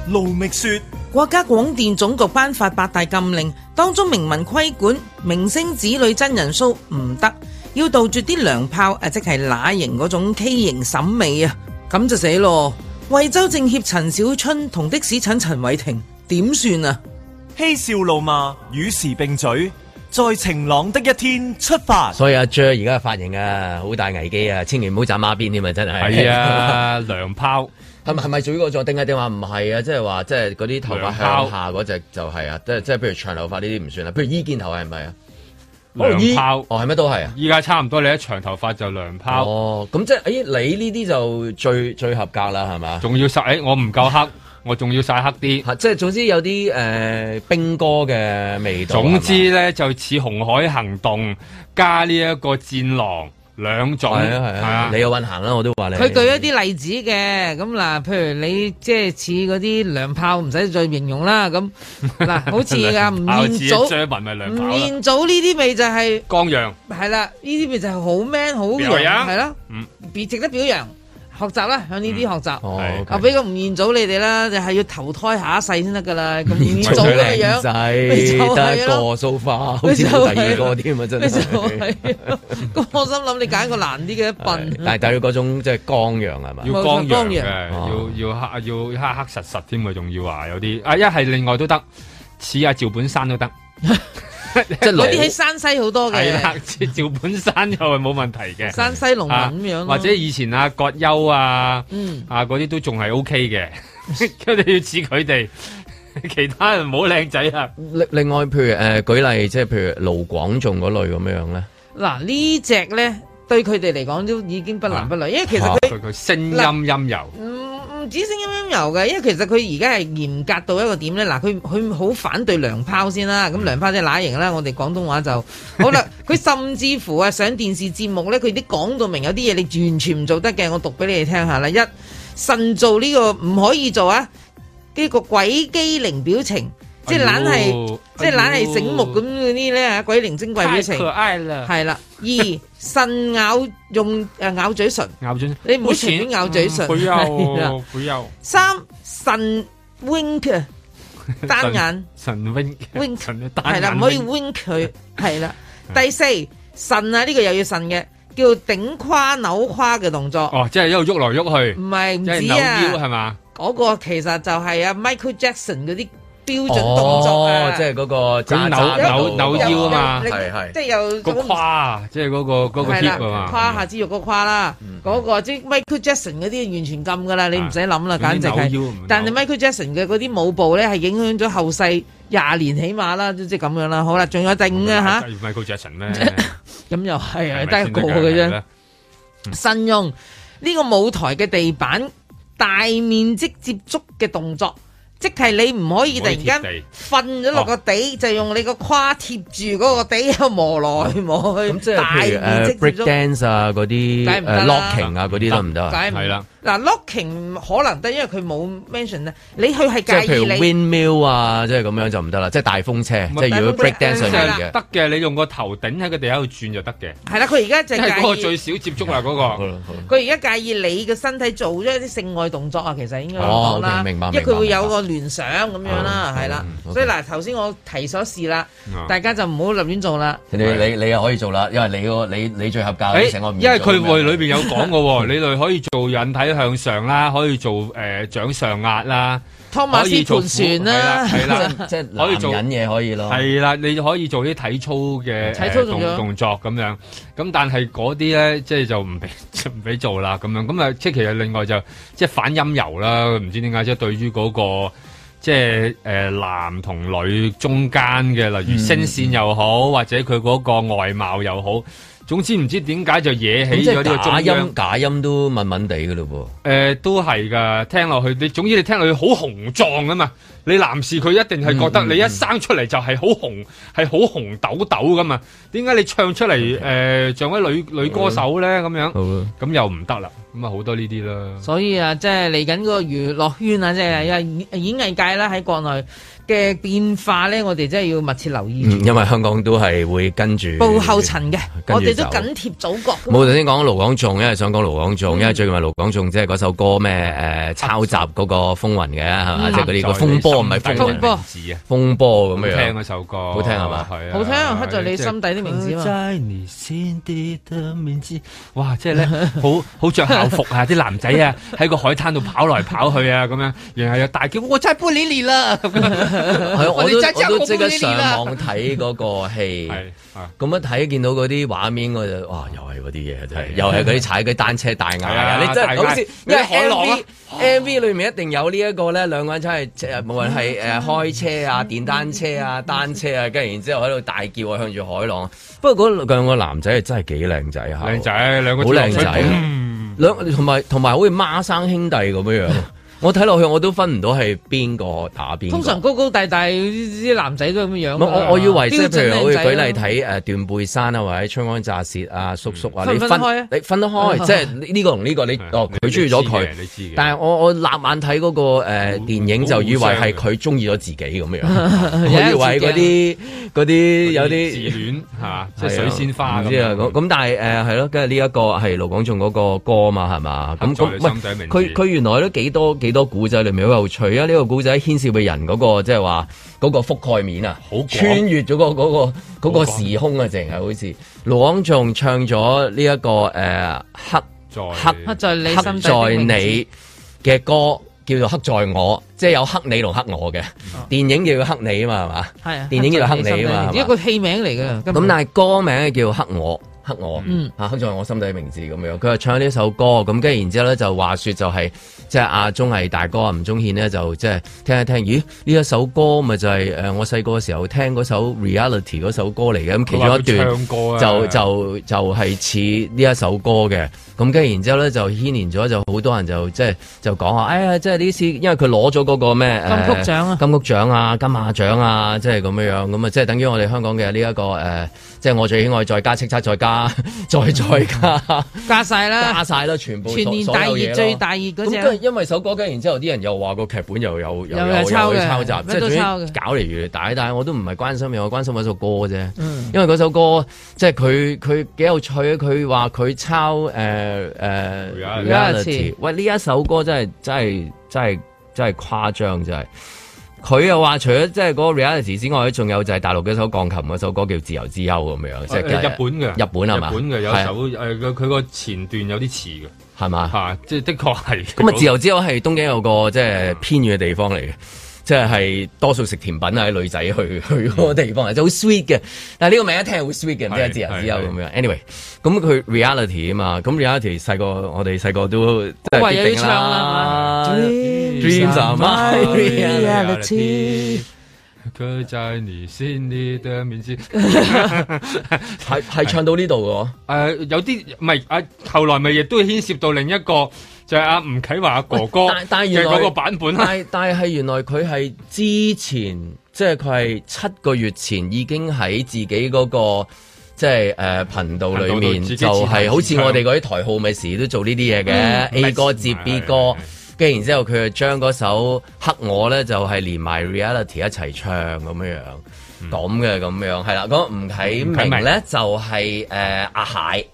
S3: 盧覓說，國家廣電總局頒發八大禁令，當中明文規管明星子女真人 show 唔得，要杜絕啲娘炮啊，即係乸型嗰種畸形審美啊，咁就死咯。惠州政協陳小春同的士仔陳偉霆點算啊？
S1: 嬉笑怒罵，與時並嘴。再晴朗的一天出發，所以阿 J 而家嘅髮型啊，好大危機啊，千祈唔好斬孖辮添啊，真係係啊，涼拋，係咪係咪做呢個狀，定係定話唔係啊？即係話，即係嗰啲頭髮向下嗰隻就係啊，即係即係，譬如長頭髮呢啲唔算啦、啊，譬如依、e、件頭係咪啊？
S2: 涼拋，哦係咩都係啊，依家差唔多，你一長頭髮就涼拋，哦，咁、啊哦、即係，哎，你呢啲就最最合格啦，係嘛？仲要實、哎，我唔夠黑。 我仲要曬黑啲，即、啊、係總之有啲、呃、冰兵哥嘅味道。總之咧就似紅海行動加呢一個戰狼兩載啊,啊！啊，你有運行啦，我都話你。佢舉
S3: 一啲例子嘅，咁嗱，譬如你即係似嗰啲兩炮，唔使再形容啦。咁嗱，好似啊，吳彥祖，吳彥祖呢啲味就係、是、
S2: 江陽，
S3: 係啦，呢啲味就係好 man 好，係啦，嗯，別值得表揚。學習啦，向呢啲學習、嗯。哦，俾個吳彥祖你哋啦，就係、是、要投胎下一世先得噶啦，咁做咩樣仔？第一個
S1: 塑化，好似第二個添、 就是、啊，
S3: 真係。我心諗，你揀一個難啲嘅笨。但
S2: 係要嗰種即係光陽係嘛？要光陽。剛要要黑要黑黑實實添啊，仲要話有啲啊，一係另外都得，似阿趙本山都得。 嗰啲喺
S3: 山西好多嘅，
S2: 係啦，趙本山又係冇問題嘅。 山西農民咁、啊、樣，或者以前阿葛優啊，嗯、啊嗰啲都仲係 OK 嘅，佢哋要似佢哋。其他人唔好靚仔啊！
S1: 另另外，譬如誒、呃，舉例即係譬如盧廣仲嗰類咁樣咧。
S3: 嗱、啊、呢隻咧。對佢哋嚟講都已經不男不女。因為其實佢佢、啊啊、
S1: 聲音陰柔，
S3: 唔、嗯、唔止聲音陰柔嘅，因為其實佢而家係嚴格到一個點呢，嗱，佢佢好反對梁拋先啦、啊，咁梁拋即係乸型啦。我哋廣東話就好啦。佢 甚至乎啊上電視節目呢，佢啲講到明有啲嘢你完全唔做得嘅，我讀俾你哋聽下啦。一慎做呢、呢個唔可以做啊，呢個鬼機靈表情。即係懶係，即係懶係醒目咁嗰啲咧啊！鬼靈精怪表情，係啦。二腎咬用誒咬嘴唇，咬嘴，你唔好全咬嘴唇。悔憂，悔憂。三腎 wink
S2: 單眼，腎 wink wink 單眼，係啦，唔可以
S3: wink 佢，係啦。第四腎啊，呢個又要腎嘅，叫頂胯扭胯嘅動作。哦，
S2: 即係又喐來喐去，唔係唔止啊，係嘛？
S3: 嗰個其實就係阿 Michael Jackson 嗰啲。標準動作啊、哦，即係嗰、嗰個即扭扭、嗰個、扭腰啊嘛，係係，即係有個胯
S2: 即係嗰、嗰個嗰、嗰個啲胯，胯
S3: 下之肉嗰個胯啦，嗰、嗯嗰個、嗯、即係 Michael Jackson 嗰啲完全禁噶啦，嗯、你唔使諗啦，簡直係。但係 Michael Jackson 嘅嗰啲舞步咧，係影響咗後世廿年起碼啦，即係咁樣啦。好啦，仲有第五啊吓 Michael Jackson 咩？咁又係啊，得一個嘅啫。新、 就是、用呢、嗯、個舞台嘅地板大面積接觸嘅動作。即係你唔可以突然間瞓咗落個地，就用你個胯貼住嗰個地，又、啊、磨來磨去。咁即係譬、uh, break dance
S1: 啊，嗰啲、uh, locking 啊都，嗰啲得唔得啊？係啦。
S3: 嗱、啊、locking 可能得，因為佢冇 mention 咧。你去係介意你比如
S1: windmill 啊，即係咁樣就唔得啦。即、就、係、是、大風車，即係如果 breakdance 上面嘅，
S2: 得嘅。你用個頭頂喺個地喺度轉就得嘅。
S3: 係啦，佢而家就介意嗰個最
S2: 少接觸啦、啊、嗰、那個。
S3: 佢而家介意你嘅身體做咗一啲性愛動作啊，其實應該講啦、哦 okay。因為佢會有個聯想咁樣啦，係、哦、啦、okay。所以嗱，頭先我提咗事啦、啊，大家就唔好立亂做啦。你你
S1: 又可以做啦，因為你個你你最合格。因為佢會裏邊有講
S2: 嘅喎，你哋 可以做引體。 向上啦，可以做誒、呃、掌上壓啦，
S3: 可以盤船啦，係啦，即係可以做緊
S2: 嘢 可以咯做，係 啦，你可以做啲體操嘅、呃、動動作咁樣，咁但係嗰啲咧即係就唔俾唔俾做啦咁樣，咁啊即係其實另外就即係反陰柔啦，唔知點解即係對於嗰、那個即係誒、呃、男同女中間嘅，例如聲線又好、嗯，或者佢嗰個外貌又好。總之唔知點解就惹起咗呢啲假音，假音都文文地噶咯喎。誒、呃，都係噶，聽落去你，總之你聽落去好雄壯啊嘛。你男士佢一定係覺得你一生出嚟就係好紅係好、嗯嗯嗯、紅豆豆噶嘛。點解你唱出嚟誒、okay. 呃，像位女女歌手咧咁樣，咁、okay. 又唔得啦。咁啊好多呢啲啦。
S3: 所以啊，即係嚟緊個娛樂圈啊，即係演演藝界啦、啊，喺國內，嘅變化咧，我哋真係要密切留意、嗯。
S1: 因為香港都係會跟住步後
S3: 塵嘅，我哋都緊貼祖國。冇頭先
S1: 講盧廣仲，因為想講盧廣仲，嗯、因為最近盧廣仲即係嗰首歌咩？誒、啊，抄襲嗰個風雲嘅係嘛？即係嗰啲個風波唔係、嗯、風波，字啊，風波咁樣。聽嗰首歌好聽係嘛？好聽，刻在你心底啲名字。哇！即
S2: 係呢，好好著校服啊，啲男仔啊，喺個海灘度跑來跑去啊，咁樣，然後又大叫我真
S3: 係不離離啦。我 我都我都即刻上網睇
S1: 嗰個戲，咁、 啊、樣睇見到嗰啲畫面我就哇，又係嗰啲嘢真係，又係佢啲踩嘅、啊、單車大嗌啊！你真係，你好似因為海浪啊？M V 裏面一定有呢、這、一個咧，兩個人真係，無論係誒開車啊、電單車啊、單車啊，跟住然之後喺度大叫啊，向住海浪。不過嗰兩個男仔真係幾靚仔吓，靚仔兩個好靚仔，兩同埋同埋好似孖生兄弟咁樣樣。 我睇落去我都分唔到係邊個打邊。通常高
S3: 高大大啲男仔都咁樣、嗯。我我我以為即係譬如舉例睇
S1: 誒斷背山啊，或者春光乍泄啊，叔叔、嗯、分分啊，你分開、
S3: 啊就是啊這個這個、你分
S1: 得開，即係呢個同呢個你哦佢中意咗佢，但係我我立眼睇嗰個誒、啊啊、電影就以為係佢中意咗自己咁樣、嗯啊，我以為嗰啲嗰啲有啲自戀吓，即 係、啊就是、水仙花咁樣知。咁、啊嗯啊啊嗯、但係誒係咯，跟住呢一個係盧廣仲嗰個歌嘛係嘛？咁咁佢佢原來都幾多幾。好多古仔裏面好有趣啊！呢、這個古仔牽涉嘅人嗰、那個即係話嗰個覆蓋面啊,好啊，穿越咗、那個嗰、那個嗰、那個時空啊，淨係好似盧廣仲唱咗呢一個誒、呃，黑在黑
S3: 在你黑在你
S1: 嘅歌叫做黑在我，即係有黑你同黑我嘅電影叫做「黑你」啊嘛，係嘛？係
S3: 啊，電影叫做「黑你」啊嘛，一個戲名嚟嘅。咁但係歌名
S1: 叫做「黑我」。黑我啊，嚇、嗯！黑在我心底名字咁樣。佢話唱呢首歌，咁跟住然之後咧就話説就係即係阿綜藝大哥啊，吳宗憲呢，就即係、就是就是啊就是、聽一聽。咦？呢一首歌咪就係、是、誒、呃、我細個嘅時候聽嗰首 Reality 嗰首歌嚟嘅。咁其中一段就他他、啊、就就係似呢一首歌嘅。咁跟住然之後咧就牽連咗就好多人就即係就講話。哎呀，即係呢次因為佢攞咗嗰個咩金曲獎啊、呃、金曲獎啊、金馬獎啊，即係咁樣樣。咁啊，即係等於我哋香港嘅呢一個誒。呃即、就、係、是、我最喜愛再加叱咤再加再再加，再再加晒啦， 加晒啦，全部全年大熱最大
S3: 熱嗰隻。
S1: 因為首歌跟住，然之後啲人又話個劇本又有，有又有又抄又去抄襲，即係、就是、總之搞嚟，越嚟大。但係我都唔係關心，我關心嗰首歌啫、嗯。因為嗰首歌即係佢佢幾有趣，佢話佢抄誒誒 Reality 喂呢一首歌真係真係真係真係誇張真係。佢又話：除咗即係嗰個 Reality 之外，仲有就係大陸嘅一首鋼琴嘅一首歌叫《自由之丘》咁樣，即係日本嘅日本係嘛？日本嘅有首
S2: 誒，佢佢個前段有啲似嘅，係嘛？係，即係的確係。咁啊，《自由之
S1: 丘》係東京有個即係偏遠嘅地方嚟嘅。即係多數食甜品啊，女仔去去個地方啊，就好 sweet 嘅。但係呢個名字一聽係好 sweet 嘅，知係之由之由咁樣。anyway，咁佢 reality 啊嘛，咁 reality 細個我哋細個都為你唱啦。Dreams are my reality。
S2: 佢就你先啲，對面先係係唱到呢度喎。誒有啲唔係啊，後來咪亦都牽涉到另一個。就係阿吳啟華哥哥但但係原個版本。但
S1: 但係原來佢係 之前，即係佢係七個月前已經喺自己嗰、那個即係誒頻道裏面、就是，就係好似我哋嗰啲台號咪時都做呢啲嘢嘅 A 歌接 B 歌，跟住然之後佢就將嗰首黑我咧就係、是、連埋 reality 一齊唱咁樣樣，咁嘅咁樣係啦。咁吳啟明咧就係、是、誒、呃、阿蟹。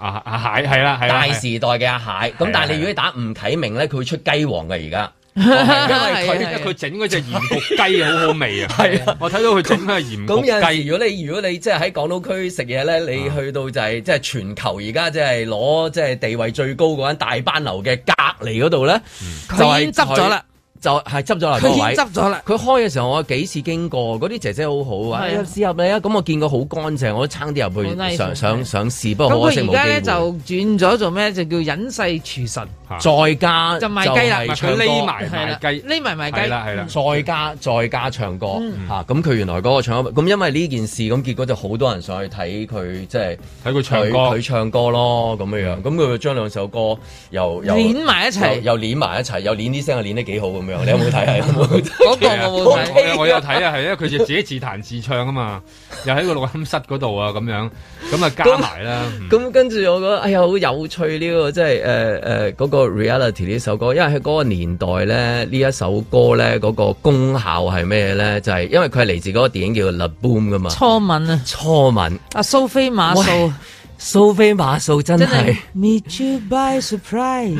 S1: 啊阿蟹係啦，係啦，大時代嘅阿蟹。咁但係你如果你打吳啟明咧，佢會出雞王嘅。而家，
S3: 因為佢佢
S1: 整嗰隻鹽焗雞好好味啊。係啊，我睇到佢整係鹽焗雞。 如果你如果你即係喺港島區食嘢咧，啊嗯、你去到就係即係全球而家即係攞即係地位最高嗰間大班樓嘅隔離嗰度咧，
S3: 佢已經執咗啦。
S1: 就係執咗落台位，執咗啦！佢開嘅時候，我幾次經過嗰啲姐姐好好啊，試下你啊！咁我見佢好乾淨，我都撐啲入去，想想想試。不過我而家就
S3: 轉咗做咩？就叫隱世廚神，
S1: 再加就係佢匿埋賣雞，匿埋賣雞，係啦係
S3: 啦，再加，就係、
S1: 再加再加唱歌嚇。咁、嗯、佢、啊、原來嗰個唱歌，咁因為呢件事，咁結果就好多人上去睇佢，即係睇佢唱歌，佢唱歌咯咁樣。咁、嗯、佢就將兩首歌又連埋一齊，
S2: 又連埋一齊，又連啲聲，又連得幾好 你有
S3: 冇睇啊？嗰 其實 個我
S2: 冇睇，我有睇啊，係 因為佢就自己自彈自唱啊嘛，又喺個錄音室嗰度啊，咁樣
S1: 咁啊加埋啦。咁、 嗯、跟住我覺得哎呀好有趣呢個，即係誒誒嗰個 Reality 呢首歌，因為喺嗰個年代咧呢一首歌咧嗰、嗰個功效係咩咧？就係、係、因為佢係嚟自嗰個電影叫《The Boom》噶嘛。初吻啊！初吻。
S3: 阿蘇菲馬蘇。蘇菲瑪索真係，meet you by surprise。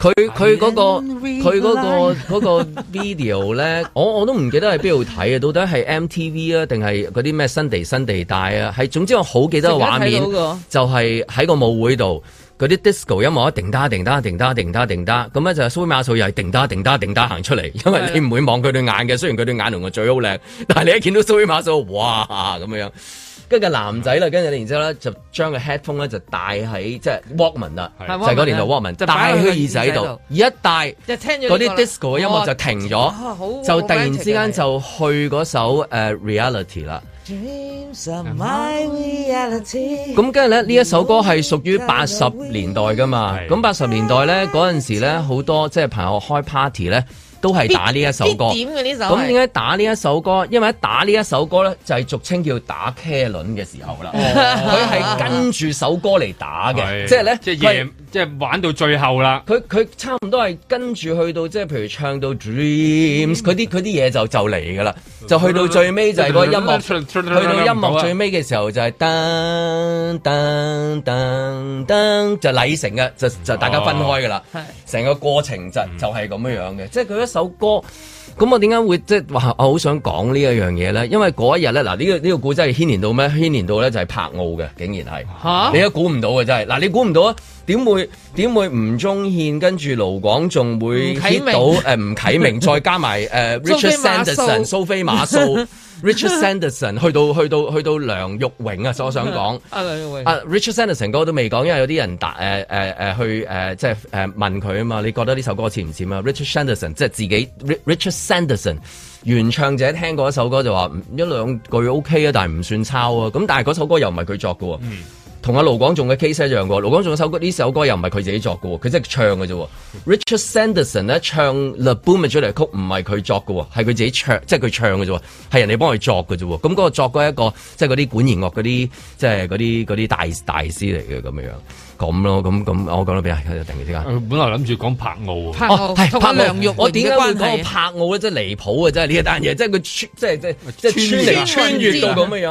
S3: 佢
S1: 佢嗰個佢嗰、嗰個嗰 個 video 咧，我我都唔記得喺邊度睇嘅，到底係 MTV 啊，定係嗰啲咩新地新地帶啊？係總之我好記得個畫面，那個、就係、是、喺個舞會度，嗰啲 disco 音樂定嗒定嗒定嗒定嗒定嗒，咁咧就蘇菲瑪索又係定嗒定嗒定嗒行出嚟，因為你唔會望佢對眼嘅，雖然佢對眼同個嘴好靚，但係你一見到蘇菲瑪索，哇咁樣。跟住男仔啦，跟住然之後咧，就將個 headphone 咧就戴喺即係 Walkman 啦，就係嗰年度 Walkman 戴去耳仔度，而一戴就
S3: 聽嗰啲 disco 嘅音樂就停咗，就突然之間
S1: 就去嗰首 reality 啦。咁跟住咧，呢一首歌係屬於八十年代噶嘛，咁八十年代咧，嗰陣時咧好多即係朋友開 party 咧。都係打呢一首歌，咁點解打呢一首歌？因為打呢一首歌咧，就係俗稱叫打 K 輪嘅時候啦。佢、哦、係 跟住首歌嚟打嘅，即係咧，即係玩到最後啦。佢佢差唔多係跟住去到即係，譬如唱到 dreams，佢啲佢啲嘢就就嚟噶啦。就去到最尾就係個音樂， 去到音樂最尾嘅時候就係噔噔噔噔，就禮成嘅，就就大家分開噶啦。成、哦、個過程就是嗯、就係、是、咁樣樣嘅，即係佢一首歌，咁我點解會即係話我好想講呢一樣嘢咧？因為嗰一日咧，嗱、啊這個這個、呢個呢個古仔係牽連到咩？牽連到咧就係、是、拍澳嘅，竟然係吓、啊，你都估唔到嘅真係。嗱、啊，你估唔到啊？點會點會吳宗憲跟住盧廣仲會 hit 到誒吳啟明，呃、明 再加埋誒、呃、 Richard Sanderson、 蘇菲馬素 Richard Sanderson 去到去到去到梁玉榮啊！所以我想講啊，
S2: 梁
S3: 玉
S1: 榮啊，Richard Sanderson 歌都未講，因為有啲人打誒、呃呃呃、去誒、呃、即係誒、呃、問佢啊嘛，你覺得呢首歌似唔似啊？Richard Sanderson 即係自己 Richard Sanderson 原唱者聽過一首歌就話一兩句 OK 啊，但係唔算抄啊。咁但係嗰首歌又唔係佢作㗎喎、啊。嗯。同阿盧廣仲嘅 case 一樣喎，盧廣仲首歌呢首歌又唔係佢自己作嘅，佢即係唱嘅啫。Richard Sanderson 咧唱 The Boom 嘅主題曲，唔係佢作嘅，係佢自己唱，即係佢唱嘅啫，係人哋幫佢作嘅啫。咁、那、嗰個作嗰一個，即係嗰啲管弦樂嗰啲，即係嗰啲嗰啲大大，大師嚟嘅咁樣。咁咯，咁咁，我講到邊啊？突然之間，本來諗住講柏傲，哦，拍柏玉，我點解會講柏傲咧？真係離譜啊！真係呢單嘢，即係佢即係即係即係穿越到咁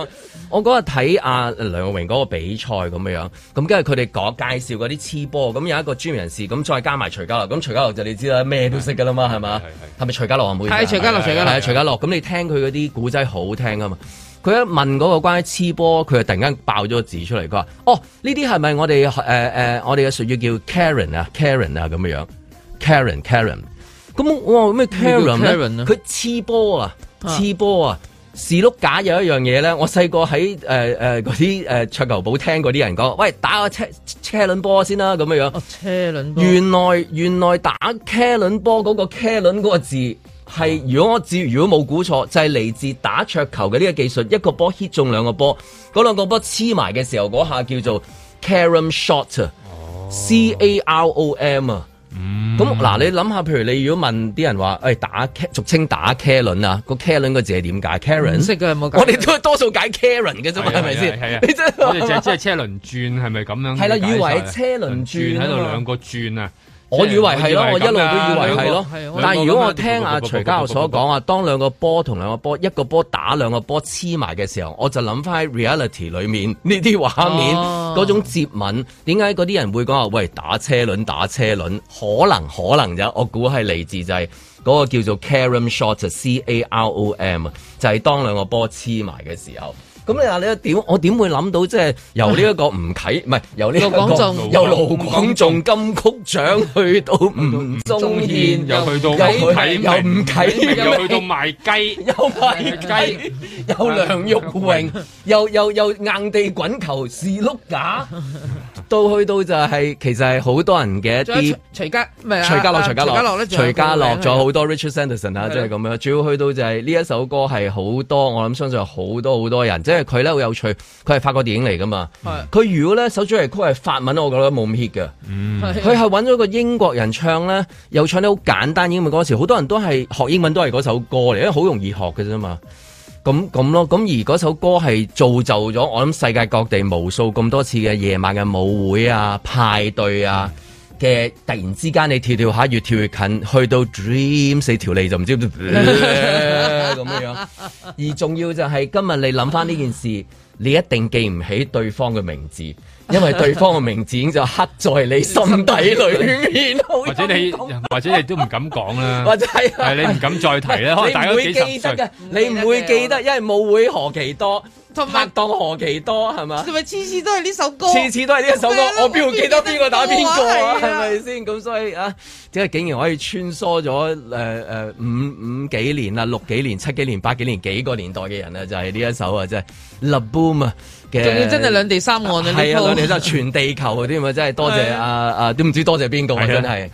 S1: 我嗰日睇阿梁耀榮嗰個比賽咁樣樣，咁跟住佢哋講介紹嗰啲黐波，咁有一個專業人士咁再加埋徐家樂，咁徐家樂就你知啦，咩都識噶啦嘛，係咪？係咪徐家樂啊？冇嘢。係徐家樂，徐家樂。係啊，徐家樂。咁你聽佢嗰啲古仔好聽啊嘛？佢一問嗰個關於黐波，佢就突然間爆咗個字出嚟，佢話：哦，呢啲係咪我哋誒誒，我哋嘅術語叫 Karen 啊，Karen 啊咁樣 Karen, Karen, 樣，Karen，Karen。咁哇
S3: 咩 Karen？Karen
S1: 啊，佢黐波啊，黐波啊。士碌架有一樣嘢咧，我細個喺誒誒嗰啲誒桌球部聽嗰啲人講，喂打個車車輪波先啦咁樣樣。哦，車輪。原來原來打車輪波嗰個車輪嗰個字係，如果我自如果冇估錯，就係、是、嚟自打桌球嘅呢個技術，一個波 hit 中兩個波，嗰兩個波黐埋嘅時候嗰下叫做 carom shot，oh. carom shot，C A R O M 啊。咁嗱、嗯，你諗下，譬如你如果問啲人話，誒、欸，打俗稱打車輪啊，個車輪個字係
S2: 點解？Karen，識
S1: 嘅，我哋都係多數解 Karen 嘅啫嘛，係咪先？我哋只只係
S2: 車輪轉，係咪咁樣？係啦，以為係車輪轉喺度兩個轉啊。我以為係咯，我一路都以為係咯。但係如果我聽阿個、啊、徐家豪所講啊，當兩個波同兩個波
S1: 一個波打兩個波黐埋嘅時候，我就諗翻喺 reality 裏面呢啲畫面嗰、啊、種接吻，點解嗰啲人會講話？喂，打車輪打車輪，可能可能有，我估係嚟自就係嗰個叫做 c, Shot, Carom Shots，C A R O M 啊，就係當兩個波黐埋嘅時候。咁你話你點？我點會諗到即係由呢一個吳啟，唔係由呢、這個由《盧廣仲金曲獎去到吳
S2: 宗憲又去到吳啟，又吳啟、啊，又去到賣雞，啊、又賣
S1: 雞、啊，又梁玉榮，又又又硬地滾球是碌架，到去到就係其實係好多人嘅一啲，
S3: 徐家，徐家徐家樂，徐家樂，徐家樂，仲有好
S1: 多 Richard Sanderson 啊，即係咁樣。主要去到就係呢一首歌係好多，我諗相信好多好多人即係。因為佢咧好有趣，佢係法國電影嚟噶嘛。佢如果咧首主題曲係法文，我覺得冇咁 hit 嘅。佢係揾咗個英國人唱咧，又唱得好簡單英文歌詞，好多人都係學英文都係嗰首歌嚟，因為好容易學嘅啫嘛。咁咁咯，咁而嗰首歌係造就咗我諗世界各地無數咁多次嘅夜晚嘅舞會啊、派對啊。嗯嘅突然之間，你跳跳下越跳越近，去到 dream 四條脷就唔知咁樣、呃。 而重要就係今日你諗翻呢件事，你一定記唔起對方嘅名字，
S2: 因為對方嘅名字已經就刻在你 心底裏面。
S1: 或者你， 或者你
S2: 都唔敢講啦，或 者你唔敢再提啦。 者是 提 可能大家會記得嘅，
S1: 你唔會記得，因為舞會何其多。 拍檔何其多係嘛？係
S3: 咪次次都係呢首歌？次次都係呢一首歌，我邊度記得邊個打邊個啊？係咪先咁？所以啊，
S1: 即係竟然可以穿梭咗誒誒五五幾年，六幾年、七幾年、八幾年幾個年代嘅人啊，就係、是、呢一首啊，即係 Love Boom 啊嘅。的真係
S3: 兩地三岸係啊，兩地三
S1: 全地球啲 真係多謝啊啊！都、啊、唔知道多謝邊個、啊啊、真係。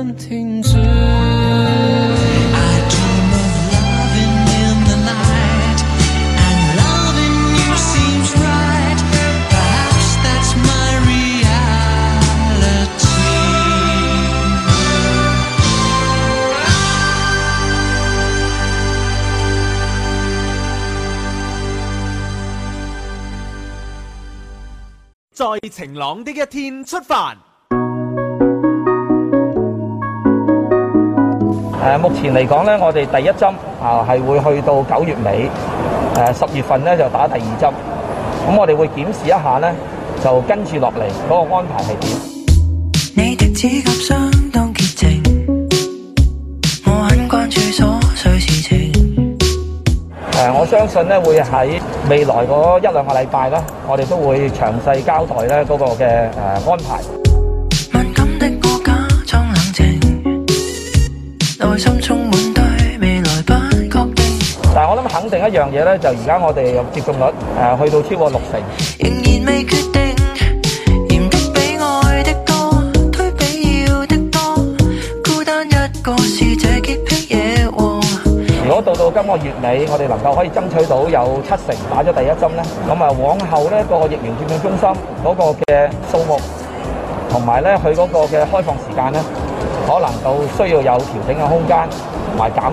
S2: 晴朗的一天出發。誒、呃，目前嚟講咧，我哋第一針啊，係、呃、會去到九月尾。誒、呃，十月份
S1: 咧就打第二針。咁我哋會檢視一下咧，就跟住落嚟嗰個安排
S2: 係點。你的指甲上
S4: 相信咧會喺
S2: 未來嗰一兩個禮拜咧，我哋都會詳細交代咧個嘅誒安排。但
S3: 係我諗肯定一樣嘢咧，就而家我哋有接種率誒去到超過六成。
S2: 今個月尾，我哋能夠可以爭取到有七成
S1: 打咗第一針咧。咁啊，往後咧個疫苗接種中心嗰個嘅數目，同埋咧佢嗰個嘅開放時間咧，可能都需要有調整嘅空間
S2: 同埋減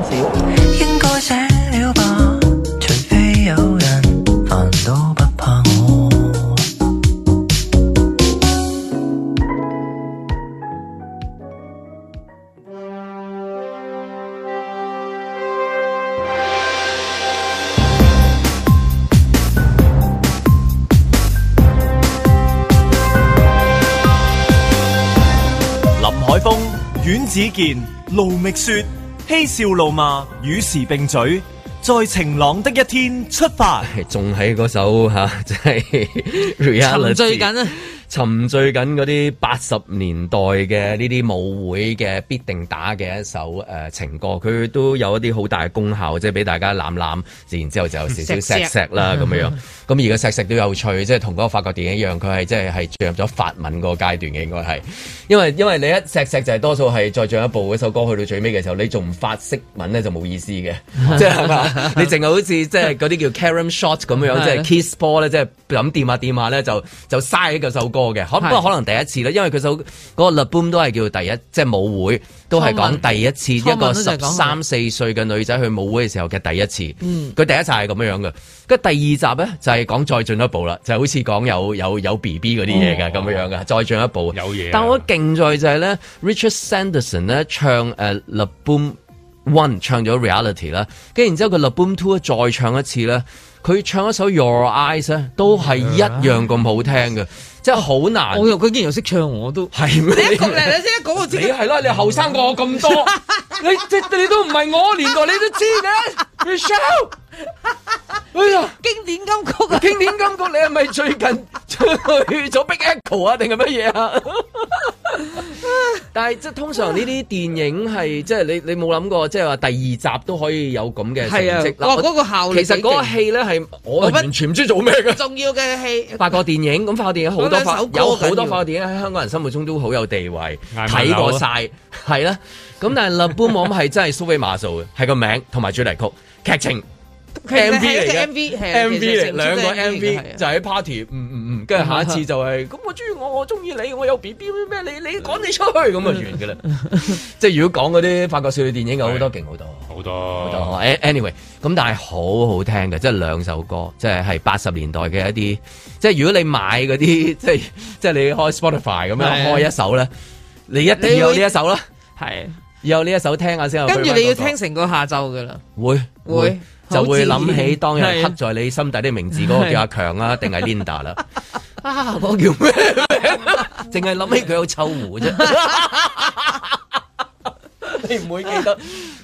S2: 少。
S1: 子健、盧覓雪，嬉笑怒罵與時並嘴，在晴朗的一天出發，仲喺嗰首吓，即係
S3: 沉醉緊
S1: 啊！沉醉緊嗰啲八十年代嘅呢啲舞會嘅必定打嘅一首誒、呃、情歌，佢都有一啲好大功效，即係俾大家攬攬，自然之後就有少少錫錫啦咁 樣。咁而家錫錫都有趣，即係同嗰個法國電影一樣，佢係即係係進入咗法文個階段嘅，應該係，因為因為你一錫錫就係多數係再進一步，嗰首歌去到最尾嘅時候，你仲唔發色文咧就冇意思嘅 即是， 即係你淨係好似即係嗰啲叫 carom shot 咁樣， 即係 Kiss Ball 咧，即係諗掂下掂下咧就就嘥呢首歌。嘅，可不過可能第一次咧，因為佢首嗰個《Laboom》都係叫第一，即係舞會都係講第一次一個十三四歲嘅女仔去舞會嘅時候嘅第一次。佢、嗯、第一集係咁樣樣嘅，跟第二集咧就係講再進一步啦，就係、好似講有有有 B B 嗰啲嘢嘅咁樣樣嘅，再進一步。有嘢、啊。但我勁在就係咧，Richard Sanderson 咧唱誒《Laboom One》唱咗 uh, 唱《Reality》啦，跟然之後佢《Laboom Two》再唱一次咧，佢唱一首《Your Eyes》咧都係一樣咁好聽嘅。真係好難，我又佢竟然又識唱，我都係咩？你講嚟，你先講個字，你係咯？你後生過我咁多， 你你你都唔係我年代，你都，你都知嘅，唔收。Michelle? 哎呀，經典金曲啊！經典金曲，你係咪最近去咗《Big Echo》啊，定係乜嘢啊？但係即係通常呢啲電影係，即係你你冇諗過，即係話第二集都可以有咁嘅成績。哦，嗰個效其實嗰個戲咧係我完全唔知做咩
S3: 㗎。重要嘅戲，
S1: 法國電影咁法國電影好多，有好多法國電影喺香港人心目中都好有地位，睇過晒係啦。咁但係《La Boum》係真係蘇菲瑪索嘅，係個名同埋主題曲，劇情。係 M V 嚟嘅，M V 兩個 M V 就喺 party，嗯嗯嗯，跟、嗯、住下一次就係、是，咁、嗯、我中意我，我中意你，我有 B B 咩咩，你你趕你出去，咁、嗯、就完噶啦。嗯、 即係如果講嗰啲法國少女電影，有好多勁好多好多。多多多啊啊、anyway，咁但係好好聽嘅，即係兩首歌，即係係八十年代嘅一啲，即係如果你買嗰啲， 即係即係你開 Spotify 咁樣開一首咧，你一定要呢一首啦，
S3: 係要
S1: 有呢一首聽一下先。跟住你要聽
S3: 成個，個下晝噶啦，
S1: 會會。會就會諗起當日刻在你心底的名字。嗰個叫阿強啊，定係 Linda 啦、
S3: 啊？嗰個叫咩？
S1: 淨係諗起佢好臭狐啫。你唔會記得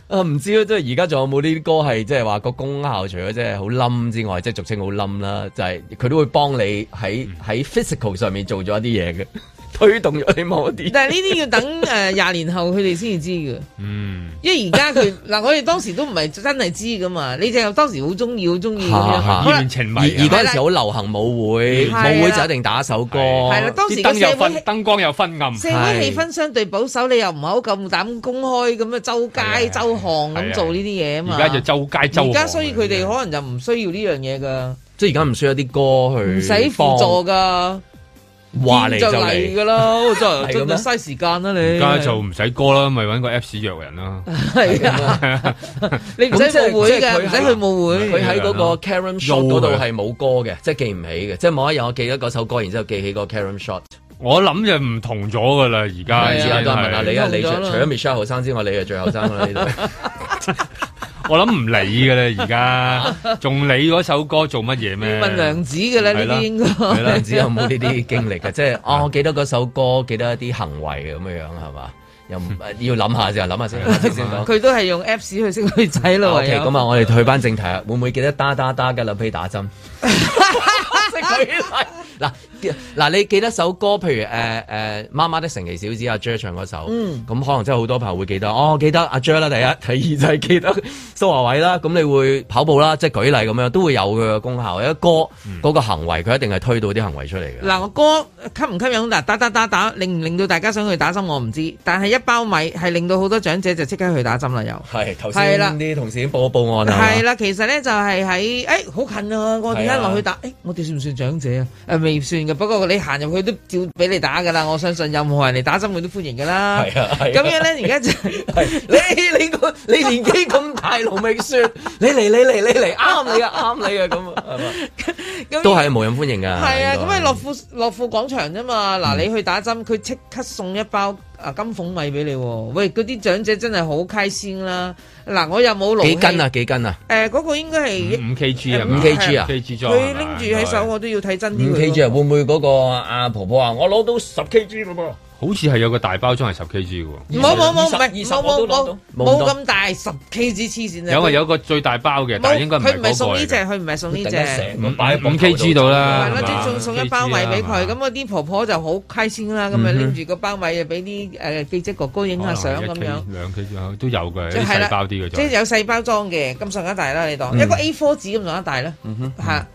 S1: 啊？唔知咯，即係而家仲有冇呢啲歌係即係話個功效除咗即係好冧之外，即係俗稱好冧啦？就係佢都會幫你喺喺 physical 上面做咗一啲嘢嘅。推動咗你一啲，但係呢啲要
S3: 等誒廿年後佢哋先至知㗎！嗯，因為而家佢嗱，我哋當時都唔係真係知噶嘛。 你淨係當時好中意，好中意熱戀
S1: 情迷。而而家陣時好流行舞會，舞會就一定打一首歌。係啦，當時燈又昏，燈
S2: 光又昏暗，
S1: 社會氣氛
S3: 相對保守，你又唔好咁膽公開咁樣周,周,周街周巷咁做呢啲嘢啊嘛。而家就
S2: 周街
S1: 周。而家所
S3: 以佢哋可能就唔需要呢樣嘢噶，
S2: 即係而家唔需要啲歌去，唔
S1: 使輔助
S3: 噶。
S2: 話
S1: 嚟就嚟噶
S3: 啦，真係真係嘥時間啦你。而家就唔
S2: 使歌啦，咪 搵個 apps 約人啦。
S4: 係啊， 你唔使舞會嘅，唔使去舞會， 會。佢喺嗰個
S3: Karen Shot 嗰度
S1: 係冇歌嘅， 即係記唔起嘅。Yo、即係某一日我記得嗰首歌，然之後記起個 Karen Shot。
S2: 我諗、啊、就唔同咗噶啦，而 家、啊。又再問下你啊，你，你除咗 Michelle 後生之外，你係最後生啦呢度。 這裡 我諗唔理㗎喇。而家仲理嗰首歌做乜嘢咩？
S1: 問娘子嘅咧呢啲，啦應該啦 娘子有冇呢啲
S2: 經歷嘅？即係哦， 啊、我記得嗰首歌，
S1: 記得一啲行為咁樣樣係嘛？又唔、啊、要諗下，下 先一下，諗下先。佢
S3: 都係用 Apps 去識女仔咯。O K，咁啊，okay, 我
S1: 哋退翻正題啊，會唔會記得噠噠噠嘅林希打針？
S3: 識女仔嗱。
S1: 嗱，你記得首歌，譬如誒誒、呃《媽媽的神奇小子》阿 j 唱嗰首，咁、嗯、可能真係好多朋友會記得。哦，記得阿 j a 啦，第一，第二就係記得蘇華偉啦。咁你會跑步啦，即係舉例咁樣，都會有佢嘅功效。一歌嗰、嗰個行為，佢一定係推到啲行為出嚟
S3: 嘅。嗱，個歌吸唔吸引？嗱，打打打打，令唔令到大家想去打針？我唔知。但係一包米係令到好多長者就即刻去打針係，頭先，係啦。又係頭先啲
S1: 同事已經報咗報案啦。係
S3: 啦，其實咧就係喺誒好近啊！我哋一落去打？誒、啊欸，我哋算唔算長者啊？誒，未算嘅。不過你行入去都照俾你打噶啦，我相信任何人嚟打針佢都歡迎噶啦。係啊，咁、啊、樣咧，而家就係、啊、 你你
S1: 個你年紀咁大，仲未算，你嚟你嚟你嚟，啱你啊啱你啊咁啊，
S3: 咁
S1: 都係冇人歡迎噶。係啊，咁、這、啊、個、樂
S3: 富樂富廣場啊嘛，嗱、嗯、你去打針，佢即刻送一包。啊金鳳米俾你，喂嗰啲長者真係好開心、啊、啦！嗱，我又冇攞幾斤啊幾斤啊？誒、啊，嗰、欸嗰個應該係五
S1: Kg 啊，五 Kg 啊，佢拎
S3: 住喺手我都要睇真啲、那個。五 Kg
S2: 啊，會唔會嗰個阿婆婆啊，我攞到十 Kg 嘅噃？好似係有個大包裝係十 Kg 嘅，冇冇
S3: 冇唔係冇冇冇，20, 唔係 20, 20, 都冇咁大十 Kg 黐線。有啊，有
S2: 個最大包嘅，但係應該佢唔係送呢隻，
S3: 佢唔係送呢隻，
S2: 擺喺五 Kg 度啦。5, 10kg, 送一包米俾佢，咁
S3: 我啲婆婆就好開心啦。咁、嗯就是就是就是嗯嗯、啊拎住、嗯、個包米啊，俾啲誒記者哥哥影下相咁樣。
S2: 兩 Kg 都有嘅，即係細包啲嘅，即係有
S3: 細包裝嘅，咁上下大啦，你當一個 A4 紙咁上下大啦。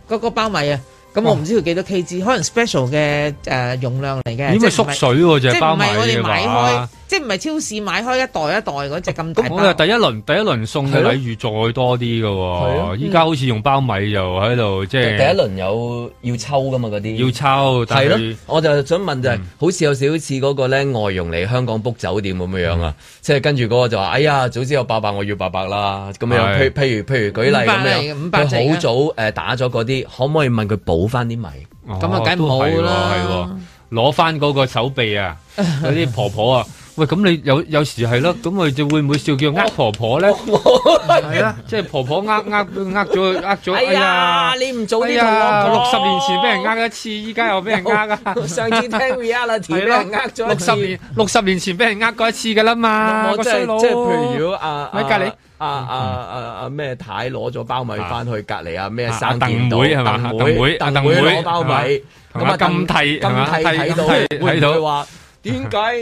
S3: 嗰個包米啊。咁我唔知要幾多 KG、哦、可能 special 嘅誒容量嚟嘅，因為縮水喎，就係包埋嘅話。即係唔係超市買開一袋一袋嗰隻咁大包？咁我哋第
S2: 一輪第一輪送嘅米越再多啲喎。依家、啊、好似用包米就喺度即係。第一輪有
S1: 要抽噶嘛嗰啲？要抽但係咯。
S2: 我就想問就係、是嗯，好似有
S1: 少少似嗰個咧外傭嚟香港 book 酒店咁樣樣啊，即、嗯、係、就是、跟住嗰個就話，哎呀，早知有八百我要八百啦，咁樣譬如譬如，譬如舉例咁樣，佢好早誒打咗嗰啲，可唔可以問佢補翻啲米？咁、哦、啊，梗係冇啦，係
S2: 攞翻嗰個手臂啊，嗰 啲婆婆啊。喂，咁你有有時係咯，咁佢就會唔會笑叫呃婆婆咧？係啊，即係婆婆呃呃呃咗佢，呃咗。哎呀，你唔早啲呀。哎呀，六十年前俾人呃一次，依家又俾人呃啦。上次聽 Reality 俾人呃咗六十年，六十年前俾人呃過一次噶啦嘛。即係即係，譬如喺隔離阿阿阿阿咩
S1: 太攞咗包米翻去隔離啊咩生凳妹係咪啊？凳妹凳凳妹攞包米，咁啊金娣金娣睇到會唔會話？點解？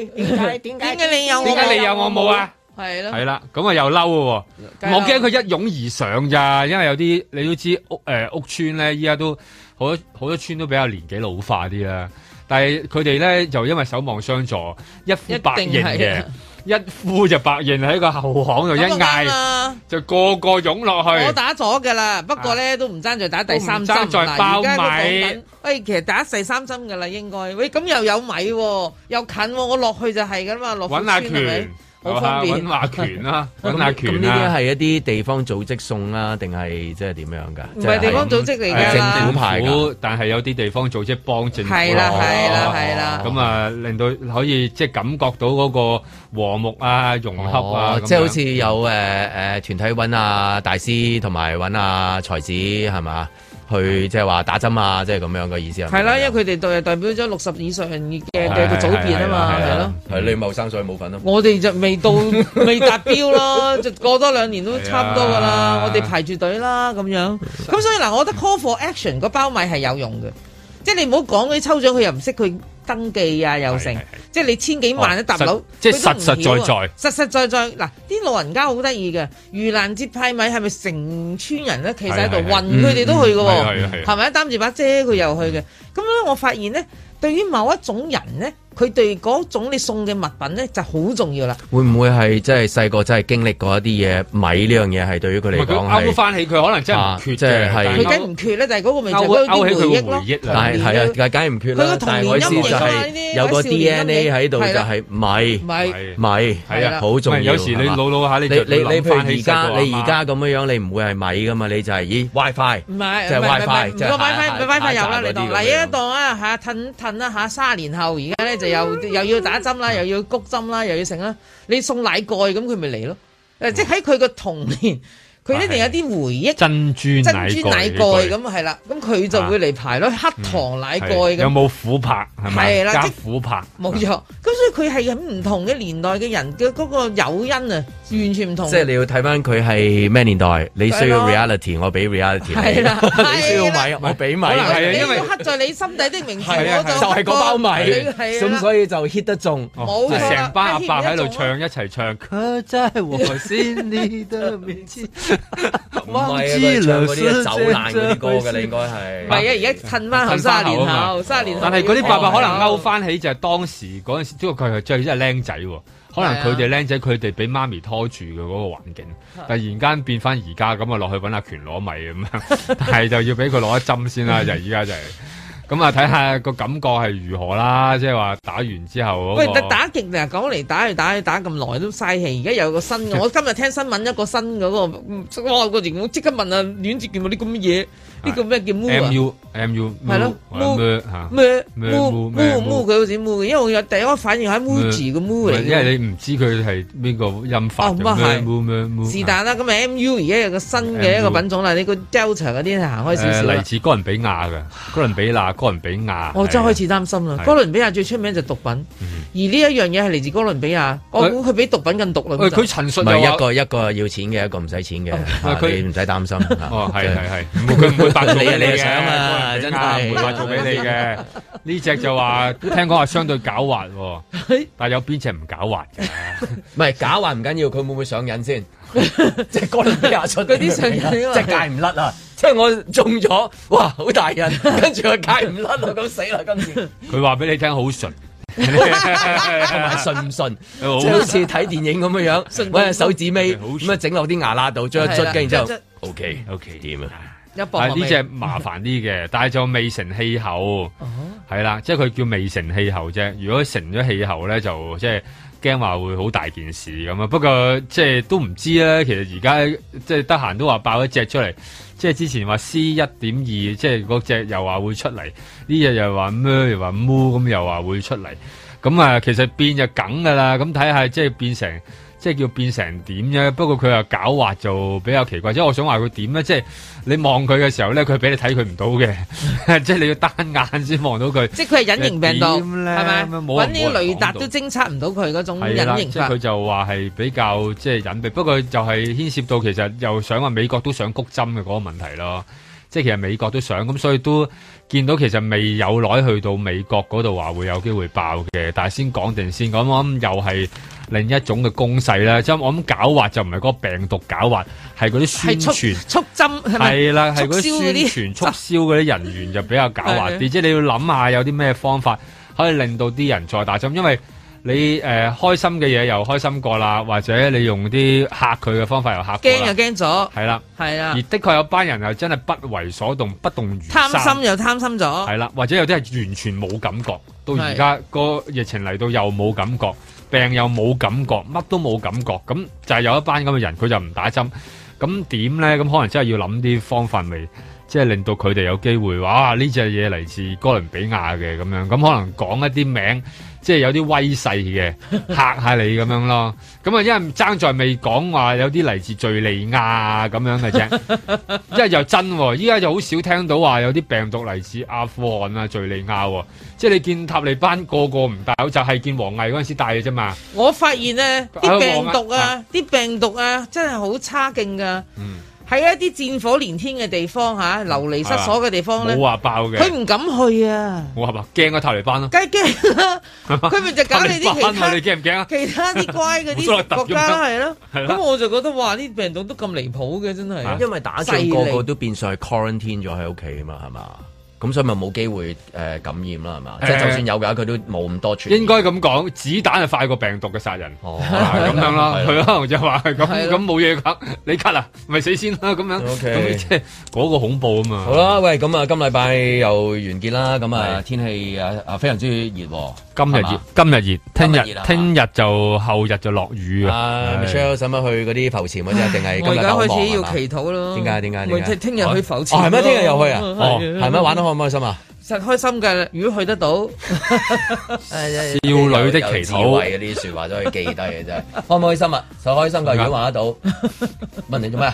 S1: 點解？點解 你有？點解你有我冇啊？係咯，係啦，
S2: 咁啊又嬲嘅喎，我驚佢一擁而上咋，因為有啲你知道、呃、都知屋誒屋村咧，依家都好多好多村都比較年紀老化啲啦，但係佢哋咧就因為守望相助，一呼百應嘅。一呼就百應喺個後巷度一嗌，就個個湧落去，嗯。我打
S3: 咗噶啦，不過咧都唔爭在打第三針再爆爭在米。喂，其實打第三針噶啦，應該。喂，咁又有米，喎，又近，喎，我落去就係噶啦嘛，落村搵下佢？
S2: 搵阿權啦、啊，搵阿權
S1: 啦、啊。咁呢啲係一啲地方組織送啦、啊，定係即係點樣㗎？唔係地方組織嚟嘅、呃、政
S3: 府派。
S2: 但係有啲地方組織幫
S1: 政
S3: 府㗎、啊。係啦，係啦，係啦。咁、
S2: 哦哦哦哦、啊，令到可以即係感覺到嗰個和睦啊、融洽
S1: 啊、哦、啊。即係好似有誒誒、呃、團體搵啊大師同埋搵啊才子，係嘛？去即係話打針啊，即係咁樣嘅意思是啊？係啦，因為
S3: 佢哋代代表咗六十以上嘅嘅個組別啊嘛，係咯。
S1: 係你冇生，所以冇份咯。
S3: 我哋就未到， 未達標咯。就過多兩年都差唔多噶啦、啊。我哋排住隊啦，咁樣。咁所以嗱，我覺得 call for action 個包米係有用嘅，即係你唔好講嗰啲抽獎，佢又唔識佢。登記啊又成，是是是即係你千幾萬一揼唔即係實實在，在在，實實在在嗱，啲老人家好得意嘅，盂蘭節派米係咪成村人咧企曬喺度，暈佢哋都去喎，係咪？擔住把遮佢又去嘅，咁咧，我發現咧，對於某一種人咧。佢對嗰種你送嘅物品咧，就好重要啦。
S1: 會唔會係即係細個真係經歷過一啲嘢？米呢樣嘢係對於佢嚟講係勾翻起佢可能真係缺，即係佢梗
S3: 唔缺咧，就係嗰個勾起啲回憶咯。但係
S1: 係啊，梗唔缺啦。佢嘅童年嘅嘢有個 DNA 喺度就係米米米係啊，好、啊、重要。有時你老老一下你會你你譬如而家你而家咁樣樣，你唔會係米噶嘛？你就係、是、咦 WiFi，唔即係 WiFi，即 WiFi，WiFi 有啦。你
S3: 當嚟啊，當、就、啊、是，嚇，褪褪一下，三十年後而家咧又又要打針啦，又要谷針啦，又要成啦。你送奶蓋咁，佢咪嚟咯。誒，即喺佢個童年。佢一定有啲回憶、啊、珍珠奶蓋咁啊，係啦，咁佢就會嚟排咯、啊，黑糖奶蓋、嗯、有冇
S2: 琥珀係咪？係啦，加琥珀，冇
S3: 錯。咁所以佢係咁唔同嘅年代嘅人嘅嗰、那個誘因啊，完全唔同、嗯。即係你要
S1: 睇翻佢係咩年代，你需要 reality，我俾 reality。係
S3: 啦，你需要米，啊、我俾米。係啊，啊，啊，啊，啊，啊，因為刻、啊、在你心底的名字、啊啊，就係、是、嗰包米，咁、啊、所
S1: 以就 hit 得中，就成班阿伯喺度
S2: 唱一齊唱。唔知梁佢唱嗰啲走難啲歌嘅，你應該係唔係啊？而
S3: 家趁翻後三十年後，三十、啊、年後，哦、但係嗰啲爸爸可能勾
S2: 翻起就係當時嗰陣、哦、時，因為佢係真係一僆仔喎，可能佢哋僆仔佢哋俾媽咪拖住嘅嗰個環境，是突然間變翻而家咁啊，落去揾阿權攞米咁樣 但係就要俾佢攞一針先啦！ 就而家就。咁啊，睇下個感覺係如何啦，即係話打完之後、那個。喂，打
S3: 極嚟講嚟打去，打去打咁耐都嘥氣，而家有個新嘅。 我今日聽新聞一個新嗰個，哇個員工即刻問啊，鍾志健見到啲咁嘅嘢，呢個咩叫 Mu？
S2: M U 係咯 m o m o v m o m o
S3: 佢好似 m o v 因為我第一個反應係 Muji 嘅 m o v 嚟，因為你
S2: 唔知佢係邊個音法咁樣。是但
S3: 啦，咁咪 M U 而家有個新嘅一個品種啦，你個 Delta 嗰啲行開少少、呃。嚟
S2: 自哥倫比亞嘅、啊、哥倫比亞、啊，哥倫比亞。啊啊我真係開始
S3: 擔心啦，啊、哥倫比亞最出名就毒品，而呢一樣嘢係嚟自哥倫比亞，我估佢比毒品更毒啦。佢佢陳信係一個
S2: 一個要
S1: 錢嘅，一個唔使錢嘅，你唔使擔心。哦，係係係，唔會唔會白你嘅。真係，梅花做俾你嘅
S2: 呢隻就話聽講係相對狡猾， 但係有邊隻唔狡猾
S1: 嘅？唔係狡猾唔緊要，佢會唔會上癮先？ 癮
S2: 是 即係嗰牙刷嗰
S1: 啲上癮，即戒唔甩啊！即係我中咗，哇，好大癮，跟住佢戒唔甩，我咁死啦！跟
S2: 住，佢話俾你聽好純，
S1: 順唔順？好似睇電影咁嘅樣，喂， 手指尾咁啊，整
S2: 落啲牙罅度，捽一捽，跟 就然 OK OK 點啊？
S1: 啊！呢隻麻煩
S2: 啲嘅，但係就未成氣候，係 啦，即係佢叫未成氣候啫。如果成咗氣候咧，就即係驚話會好大件事咁啊。不過即係都唔知啦。其實而家即係得閒都話爆一隻出嚟，即係之前話 C 一點二，即係嗰隻又話會出嚟，呢隻又話咩，又話 mo 咁又話會出嚟。咁啊，其實變就梗噶啦。咁睇下即係變成。即係叫變成點啫，不過佢又狡猾，就比較奇怪。即係我想話佢點咧，即係你望佢嘅時候咧，佢俾你睇佢唔到嘅，即係你要單眼先望到佢。即係佢係隱形病毒，係咪？揾啲雷達都
S3: 偵測唔到佢嗰種隱形。即係佢
S2: 就話係比較即係隱蔽，不過就係牽涉到其實又想話美國都想谷針嘅嗰個問題咯。即係美國都想咁，所以都見到其實未有耐去到美國嗰度話會有機會爆嘅，但係先講定先。咁我諗又係另一種嘅攻式攻勢啦。即我諗狡猾就唔係嗰個病毒狡猾，係嗰啲宣傳
S3: 促針係啦，係嗰啲宣傳
S2: 促銷嗰啲人員就比較狡猾啲。即、 就是、你要諗下有啲咩方法可以令到啲人再打針因為你誒開心嘅嘢又開心過啦，或者你用啲嚇佢嘅方法又嚇過啦，驚又
S3: 驚咗，係啦，係啦。而
S2: 的確有班人又真係不為所動，不動如山，貪心又貪心咗，係啦。或者有啲係完全冇感覺，到而家個疫情嚟到又冇感覺，病又冇感覺，乜都冇感覺，咁就係有一班咁嘅人，佢就唔打針，咁點咧？咁可能真係要諗啲方法嚟，即係令到佢哋有機會話，呢隻嘢嚟自哥倫比亞嘅咁樣，咁可能講一啲名。即係有啲威勢嘅吓下你咁樣咯，咁啊，因為爭在未講話有啲嚟自敘利亞啊咁樣嘅啫，一 係就真，依家就好少聽到話有啲病毒嚟自阿富汗啊、敘利亞，即係你見塔利班個個唔戴口罩，係、就係、見王毅嗰陣時戴嘅啫嘛。
S3: 我發現啊，啲病毒啊，啲、啊啊病,啊、病毒啊，真係好差勁噶。嗯喺一啲戰火連天嘅地方吓、啊、流離失所嘅地方咧，冇話爆嘅，佢唔敢去啊！
S2: 我係嘛，驚啊，塔利班咯、啊，
S3: 梗係驚
S2: 啦！佢咪就
S3: 搞你啲其他，啊、你驚唔驚啊？其他啲乖嗰啲國家係咯，咁 我就覺得哇！啲病毒都咁離譜嘅，真係，因為打細個，個個
S1: 都變相係 quarantine 咗喺屋企啊嘛，係嘛？咁所以咪冇機會誒感染啦，係嘛？即、欸、係就算有嘅，佢都冇咁多傳。應該咁
S2: 講，子彈係快過病毒嘅殺人。哦，咁樣啦，係咯，就話係咁，咁冇嘢㗎。你咳啊，咪死先啦，咁樣。O K。咁即係嗰個恐怖啊嘛。好啦，喂，咁啊，今
S1: 禮拜又完結啦。咁啊，天氣啊非常之熱。今日熱，今日熱，
S2: 聽日聽日就後日就落雨啊。Michelle 使唔使去嗰啲浮潛
S1: 嗰啲
S3: 定係而家開始要祈禱咯？點解？點解？聽日去浮潛。哦，係咩？聽日又去啊？係咩玩咯？開、哦、唔開心啊？實開心噶，如果去得到， 少女的祈禱，呢啲
S1: 說話都可以記低嘅。真。開唔開心啊？實開心噶，如果玩得到，問你做咩？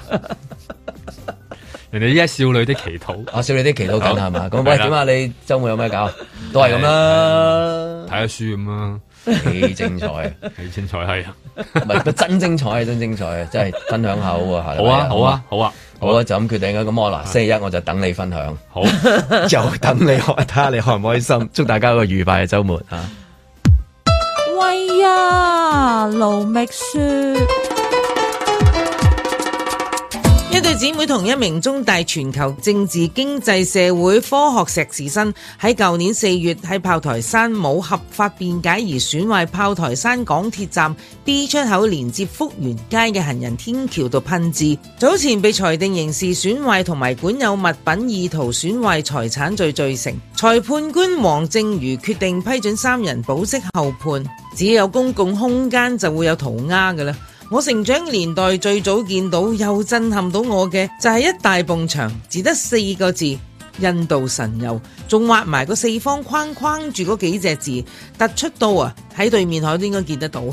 S2: 人哋依家現在，少女的祈禱，啊、哦，少女的祈禱緊係嘛？咁喂，點啊？你
S1: 周末有咩搞？都係咁啦，
S2: 睇、嗯、下書咁啦，幾精彩，幾精彩係啊，
S1: 唔係、啊， 真精彩，真精彩，真係分享下好啊，好啊，好啊。好啊好啊好啦、啊啊，就咁決定啦，咁摩嗱，星期一我就等你分享，好， 就等你睇下你開唔開心， 祝大家一個愉快嘅周末嚇、啊。
S3: 喂呀，盧覓雪。一對姐妹同一名中大全球政治經濟社會科學碩士生喺舊年四月喺炮台山冇合法辯解而損壞炮台山港鐵站 B 出口連接福元街嘅行人天橋度噴字，早前被裁定刑事損壞同埋管有物品意圖損壞財產罪罪成。裁判官王正如決定批准三人保釋候判。只有公共空間就會有塗鴉嘅啦。我成長年代最早見到又震撼到我嘅就係一大埲牆，只得四個字“印度神油”，仲畫埋個四方框框住嗰幾隻字，突出到啊，喺對面海都應該見得到。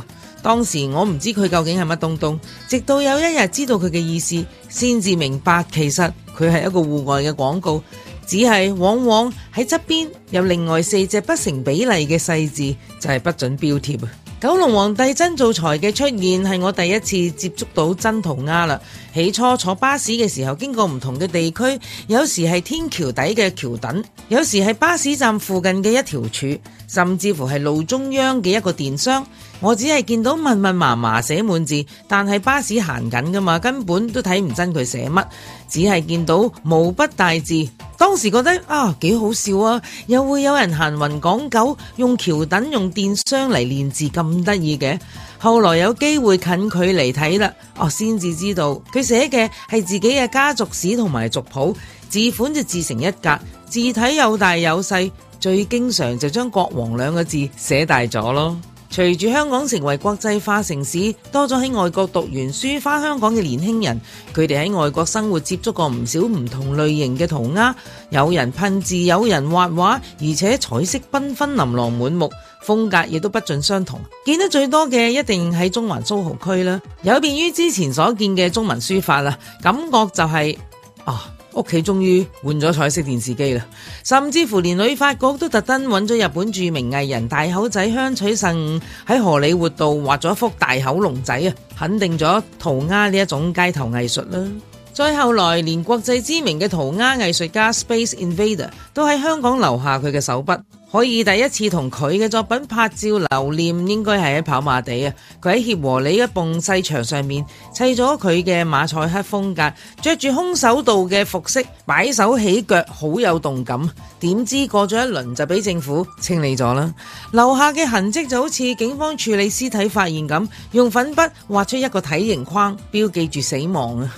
S3: 當時我唔知佢究竟係乜東東，直到有一日知道佢嘅意思，先至明白其實佢係一個戶外嘅廣告，只係往往喺側邊有另外四隻不成比例嘅細字，就係不准標貼。九龍皇帝曾灶財嘅出現係我第一次接觸到真塗鴉啦。起初坐巴士嘅時候，經過唔同嘅地區，有時係天橋底嘅橋墩，有時係巴士站附近嘅一條柱，甚至乎係路中央嘅一個電箱。我只係見到密密麻麻寫滿字，但係巴士行緊噶嘛，根本都睇唔真佢寫乜，只係見到毛筆大字。當時覺得啊，幾好笑啊！又會有人行雲講狗，用橋等用電箱嚟練字咁得意嘅。後來有機會近距離睇啦，哦，先至知道佢寫嘅係自己嘅家族史同埋族譜，字款就自成一格，字體有大有細，最經常就將國王兩個字寫大咗咯。隨住香港成為國際化城市，多咗喺外國讀完書翻香港嘅年輕人，佢哋喺外國生活接觸過唔少唔同類型嘅塗鴉，有人噴字，有人畫畫，而且彩色繽紛、琳琅滿目，風格亦都不盡相同。見得最多嘅一定喺中環蘇豪區啦，有別於之前所見嘅中文書法啦，感覺就係、是、啊～、哦。屋企終於換咗彩色電視機啦，甚至乎連旅發局都特登揾咗日本著名藝人大口仔香取慎喺荷里活度畫咗一幅大口龍仔啊，肯定咗塗鴉呢一種街頭藝術啦。再後來，連國際知名嘅塗鴉藝術家 Space Invader 都喺香港留下佢嘅手筆。可以第一次同佢嘅作品拍照留念，應該係喺跑馬地啊！佢喺協和里一埲細牆上面砌咗佢嘅馬賽克風格，着住空手道嘅服飾，擺手起腳，好有動感。點知過咗一輪就俾政府清理咗啦，留下嘅痕迹就好似警方處理屍體發現咁，用粉筆畫出一個體型框，標記住死亡啊！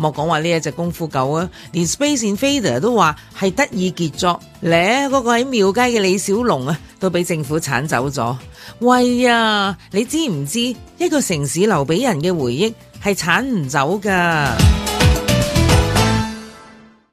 S3: 莫講話呢一隻功夫狗啊，連 Space Invader 都話係得意傑作咧。嗰、嗰個喺廟街嘅李小龍啊，都俾政府鏟走咗。喂呀，你知唔知一個城市留俾人嘅回憶係鏟唔走噶？